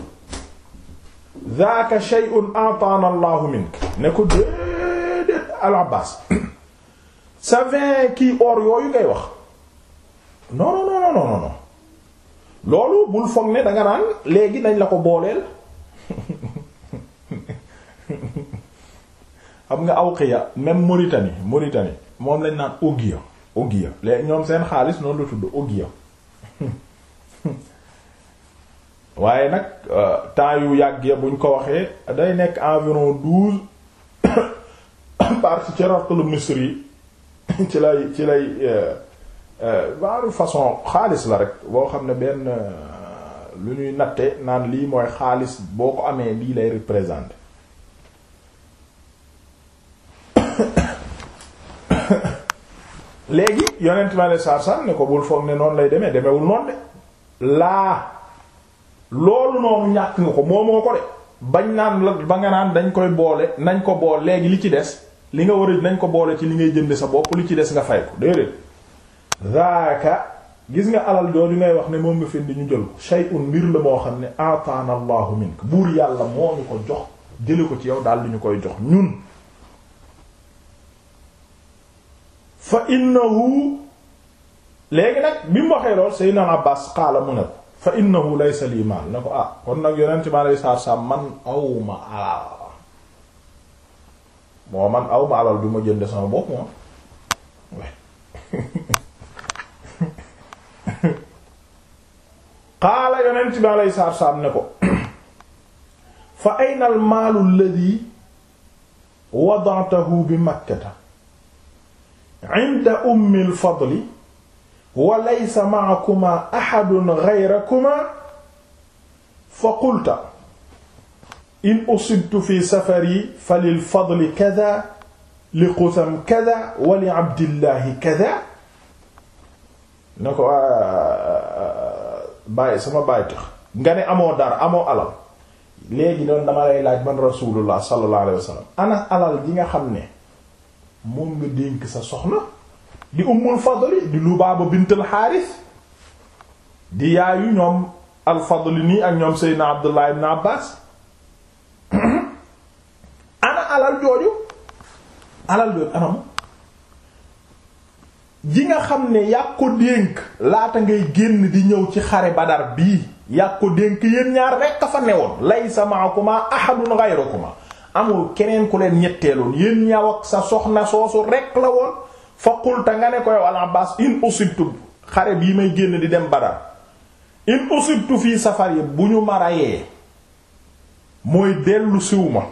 zaaka shay'un ataana allahu mink ne ko déedéet al abbas sa vingt kii or yooyu ngay wax non non non loolu bul foog ne danga naan léegi nañ la ko booleel xam nga aw Awqiya même Mauritanie Mauritanie moom lañ naan Ogia Ogia léegi ñoom seen xaalis noonu lu tudd Ogia waaye nag euh, temps yu yàgg ya buñ ko waxee day nekk environ douze parce que ci rafetlu misri yi ci lay ci lay. Euh, Euh, waaru façon xaalis la rek boo xam ne benn euh, lu ñuy natte naan lii mooy xaalis boo ko amee lii lay représenter léegi yonent ma ne saar-san ne ko bul foog ne noonu lay demee demewul noonu de laa loolu noonu ñàkk nga ko moomoo ko de bañ naan la ba nga naan dañ koy boole nañ ko boole léegi li ci des li nga war a nañ ko boole ci li ngay jënd sa bopp li ci des nga fay ko déedéet zaaka gis nga alal jooju ngay wax ne moom nga fen ñu jël ko shay'un mbir la moo xam ne ataana allahu mink buur yàlla moo ko jox ko ci yow daal di koy jox ñun fa innahu léegi nag bi mu waxee lool Seydina Abbas xaala ne ko fa innahu laysa lii maal ko ah kon nag yonent ma lay saar saam man awma alal moo man awma alal du jënd sama bopp moom qaala yonent bi alayhi salaatu salaam ne ko fa ayna al maalu alladhi wada'tahu bi makkata inda ummi al fadli wa laysa ma'akuma ahadun ghayrakuma fa qulta in usibtu fi safari fa lil fadli kadha li Qutham kadha wa li Abdillahi kadha ne ko bàyyi sama bàyyi tax nga ne amoo dara amoo alal léegi doon dama lay laaj man rasulullah sallallahu alayhi wasallam ana alal gi nga xam ne moom nga dénk sa soxna di ummul fadli di lubaaba bintal xaaris di yaayu ñoom al nii ak ñoom seydna abdullah ibn abbas ana alal jooju alal jooju anam ji nga xam ne yaa ko dénk laata ngay génn di ñëw ci xare badar bii yaa ko dénk yéen ñaar rekk a fa newoon laysa ma'akuma ahadun ghayrukuma amul keneen ku leen ñetteeloon yéen ñaaw sa soxna soosu rekk la woon fa qulta nga ne ko yow al Abbaas in usibtu xare bii may génn di dem badar in usibtu fii safar yi bu ñu marayee mooy dellu siw ma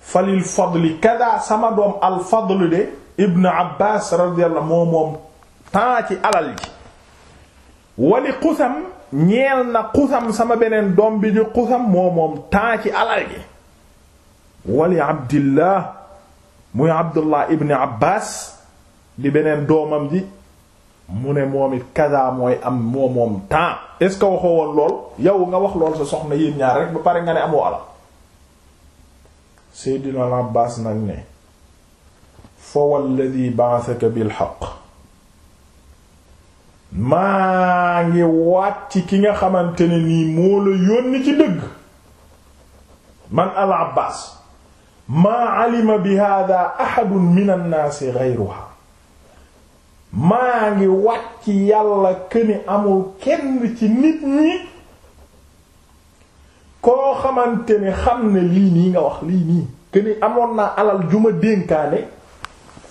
falil fadli kada sama doom al fadl de ibn abbas radiyallahu moo moom temps ci alal ji wali xusam ñeel na xusam sama beneen doom bi di xusam moo moom temps ci alal ji wali abdillah muy abdullah ibn abbas di beneen doomam ji mu ne moom it kaza mooy am moo moom temps est waxoo woon lool yow nga wax lool sa soxna yéen ñaar rek ba pare nga ne amoo alal seydina al nag ne fa walladi ba'athaka bil haqq maa ngi waat ci ki nga xamante ni nii moo la yónni ci dëgg man al Abbaas maa alima bi haadaa ahadun min annaasi ghayruha maa ngi waat ci yàlla këni amul kenn ci nit ñi koo xamante ni xam ne lii nii nga wax lii nii këni amoon naa alal ju ma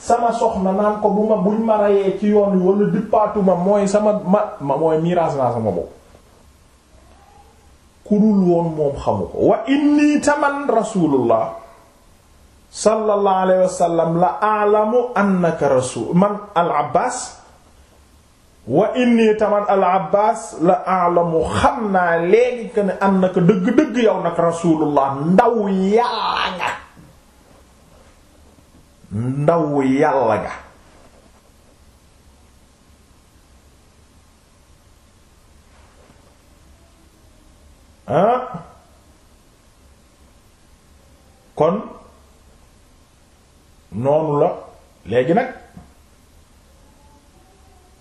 sama soxna naan ko bu ma buñ ma rayee ci yoon wi wala dippaatuma mooy sama ma ma mooy miraas naa sama bopp ku woon moom xamu ko wa inni taman rasulullah sallallahu la alamu wa inni la alamu xam naa léegi que ne annaka dëgg ndaw yaa nga ndaw yàlla ga ah kon noonu la léegi nag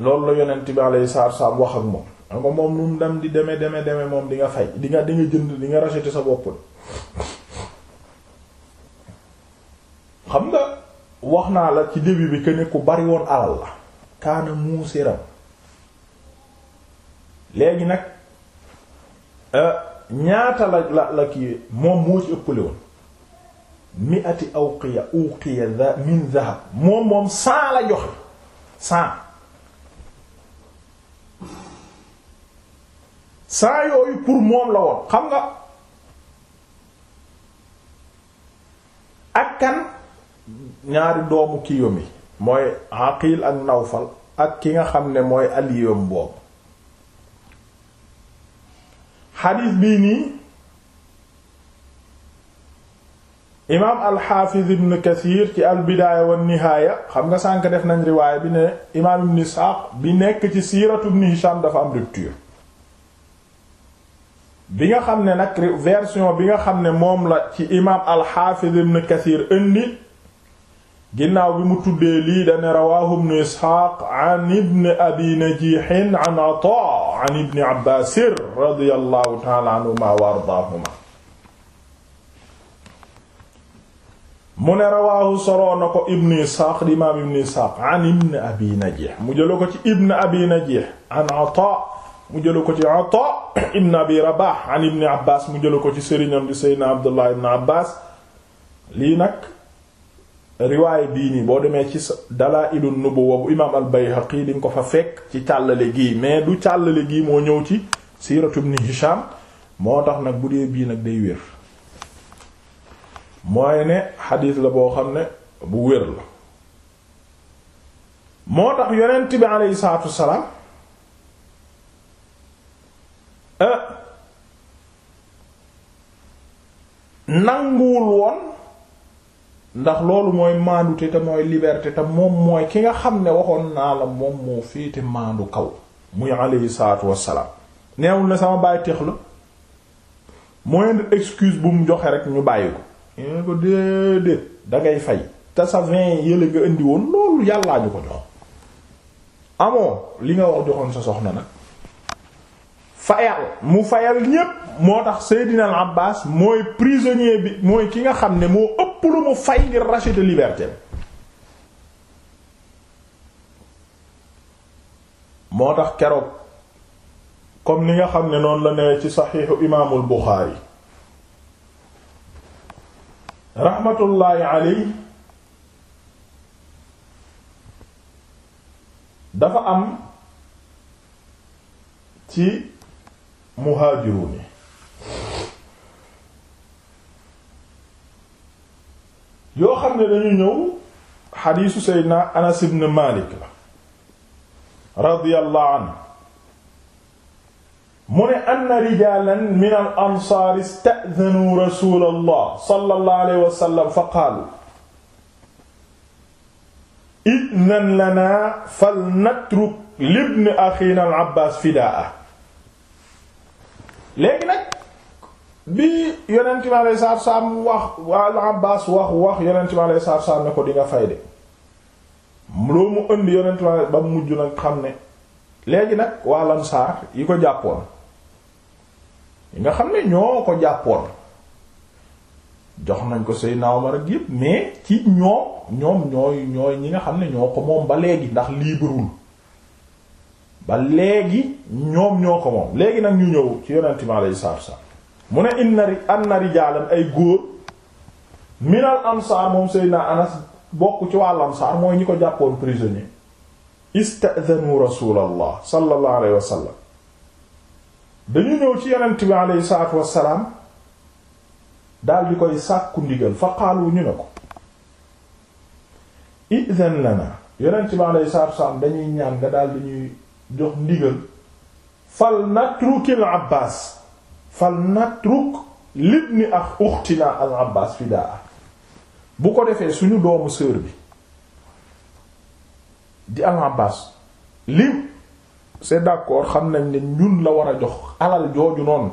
loolu la yonent bi alayhi salaatu salaam wax ak moom xam nga moom nu mu dem di deme deme deme moom di nga fay di nga di nga jënd di nga racheter sa bopp wax naa la ci début bi que ne ku bari woon alal la kaana muusiram léegi nag euh, ñaata la la la kii moom moom moom cent la joxe cent cent yooyu pour moom la woon xam nga ak kan ñaari doomu kiyom yi mooy Aqil ak Nawfal ak ki nga xam ne mooy aliyom boobu xadiis bii nii imaam alxaafiz ibn Kathir ci albidaaya wa nihaaya xam nga sànk def nañ riwaaya bi ne imaam ibn Isxaaq bi nekk ci siiratu ibn Hisham dafa am rupture bi nga xam ne nag version bi nga xam ne moom la ci imaam alxaafiz ibn Kathir indi ginnaaw bi mu tuddee lii dane rawaahu ibnu isxaaq an ibni abi najihin an ataa an ibni abbaasir radiyallahu taala anhuma wa ardaahuma mu ne rawaahu soloo na ko ibnu isxaaq di imaam ibnu isxaaq an ibni abi najih mu jëla ko ci ibni abi najih an ataa mu jëla ko ci ataa ibni abi rabaax an ibni abbaas mu jëla ko ci sëriñam di seydna abdullah ibni abbaas lii nag riwaay bii nii boo demee ci Dalaa'ilu Nubuwwa bu imaam al-Bayhaqi di nga ko fa fekk ci càllale gii mais du càllale gii moo ñëw ci siiratu Ibn Hisham moo tax nag bu dee bii nag day wér mooy ne xadiis la boo xam ne bu wér la moo tax yonent bi aleyhi salaatu wassalaam euh, nanguwul woon ndax loolu mooy maandute te mooy liberté te moom mooy ki nga xam ne waxoon naa la moom moo féete maandu kaw muy alayhi salaatu wassalaam neewul ne sama bàyyi téex la moindre bu mu joxe rek ñu bàyyi ko ñu ne ko déedéet dangay fay te sa vin yële nga indi woon loolu yàllaa ñu ko jox amoo li nga wax joxoon sa soxna nag fayal mu fayal ñépp moo tax Seydina Al mooy prisonnier bi mooy ki nga xam ne moo lu mu fay ngir racheter liberté moo tax keroog comme ni nga xam ne noonu la nee ci saxiixu imaamul Buxaari raxmatullaahi aley dafa am ci muhaajiruun yi yoo xam ne dañu ñëw xadiisu seydna anas ibn malik la radiyallahu anhu mu ne anna rijaalan min al ansaar ista'dhanu rasuulallah sallallahu alayhi wa sallam fa qaalu idnan lanaa fal natruk libni axiina al abbaas fidaa léegi nag bi yonent mi aleyhi salaatu salaam wax waa al-Abbaas wax wax yonent mi aleyhi salaatu salaam ne ko di nga fay de loo mu indi yonent mi ba mujj nag xam ne léegi nag waa Ansaar yi ko jàppoon yi nga xam ne ñoo ko jàppoon jox nañ ko Seydina Omar ak yépp mais ci ñoom ñoom ñooy ñi nga xam ne ñoo ko moom ba léegi ndax liibarul ba léegi ñoom ñoo ko moom léegi nag ñu ñëw ci yonent mi aleyhi salaatu mu ne inna anna rijaalan ay góor minal ansaar moom Seydina Anas bokk ci wàll ansaar mooy ñi ko jàppoon prisonnier ista'dhanu rasulallah sallallahu alayhi wa dañu ñëw ci yonent bi alayhi salaatu wassalaam daal di koy sàkku ndigal fa qaalu ñu ne ko i'dhan lana yonent bi alayhi salaatu wassalaam dañuy ñaan nga daal di ñuy jox ndigal fal natrukil Abbaas fal natruk libni ak uxtina al abbas fidaa bu ko defee suñu doomu sœur bi di al abbas lim c'est accord xam nañ ne ñun la war a jox alal jooju noonu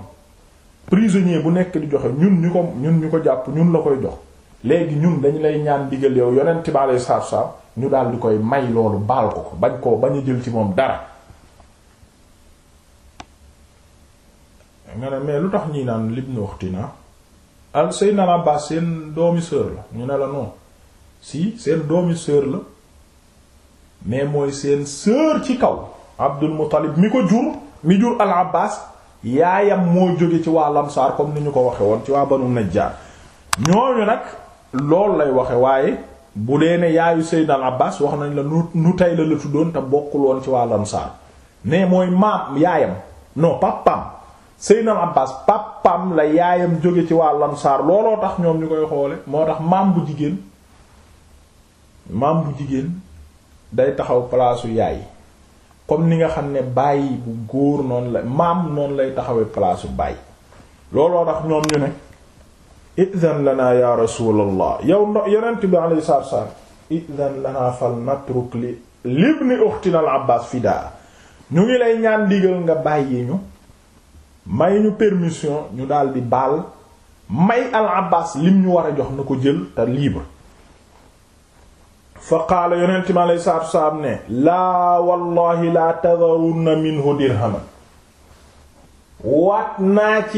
prisonnier bu nekk di joxe ñun ñu ko ñun ñu ko jàpp ñun la koy jox léegi ñun dañu lay ñaan digal yow yonent bi alei saatu salaam ñu daal di koy may loolu baal ko ko bañ koo bañ jël ci moom dara nga ne mais lu tax ñii naan lib na naa al Seydina al Abbaas seen doomi sœur la ñu ne la non si seen doomi sœur la mais mooy seen sœur ci kaw Abdul Muttalib mi ko jur mi jur al Abbaas yaayam moo jóge ci waa Lamsaar comme ni ñu ko waxe woon ci waa Banu Najjaar ñooñu nag loolu lay waxe waaye bu dee ne yaayu Seydina al Abbaas wax nañ la nu nu tey la la tuddoon te bokkul woon ci waa Lamsaar mais mooy maam yaayam non papam Seynal Abbas papam la yaayam jóge ci wàllam Ansaar looloo tax ñoom ñu koy xoole moo tax maam bu jigéen maam bu jigéen day taxaw palaasu yaay comme ni nga xam ne bàyyi bu góor noonu la maam noonu lay taxawee palaasu bàyyi looloo tax ñoom ñu ne izan lana ya rasulallah yow ndo yonent bi alayhi salaatu wassalaam izan lana fal natruk li libni ukhtina al Abbas fidaa ñu ngi lay ñaan digal nga bàyyi ñu may ñu permission ñu daal di baal may al abbas lim ñu war a jox na ko jël te libre fa qaala yonent mi aleyhi salaatu ne laa wallahi laa tadarunna minhu dirhaman waat naa ci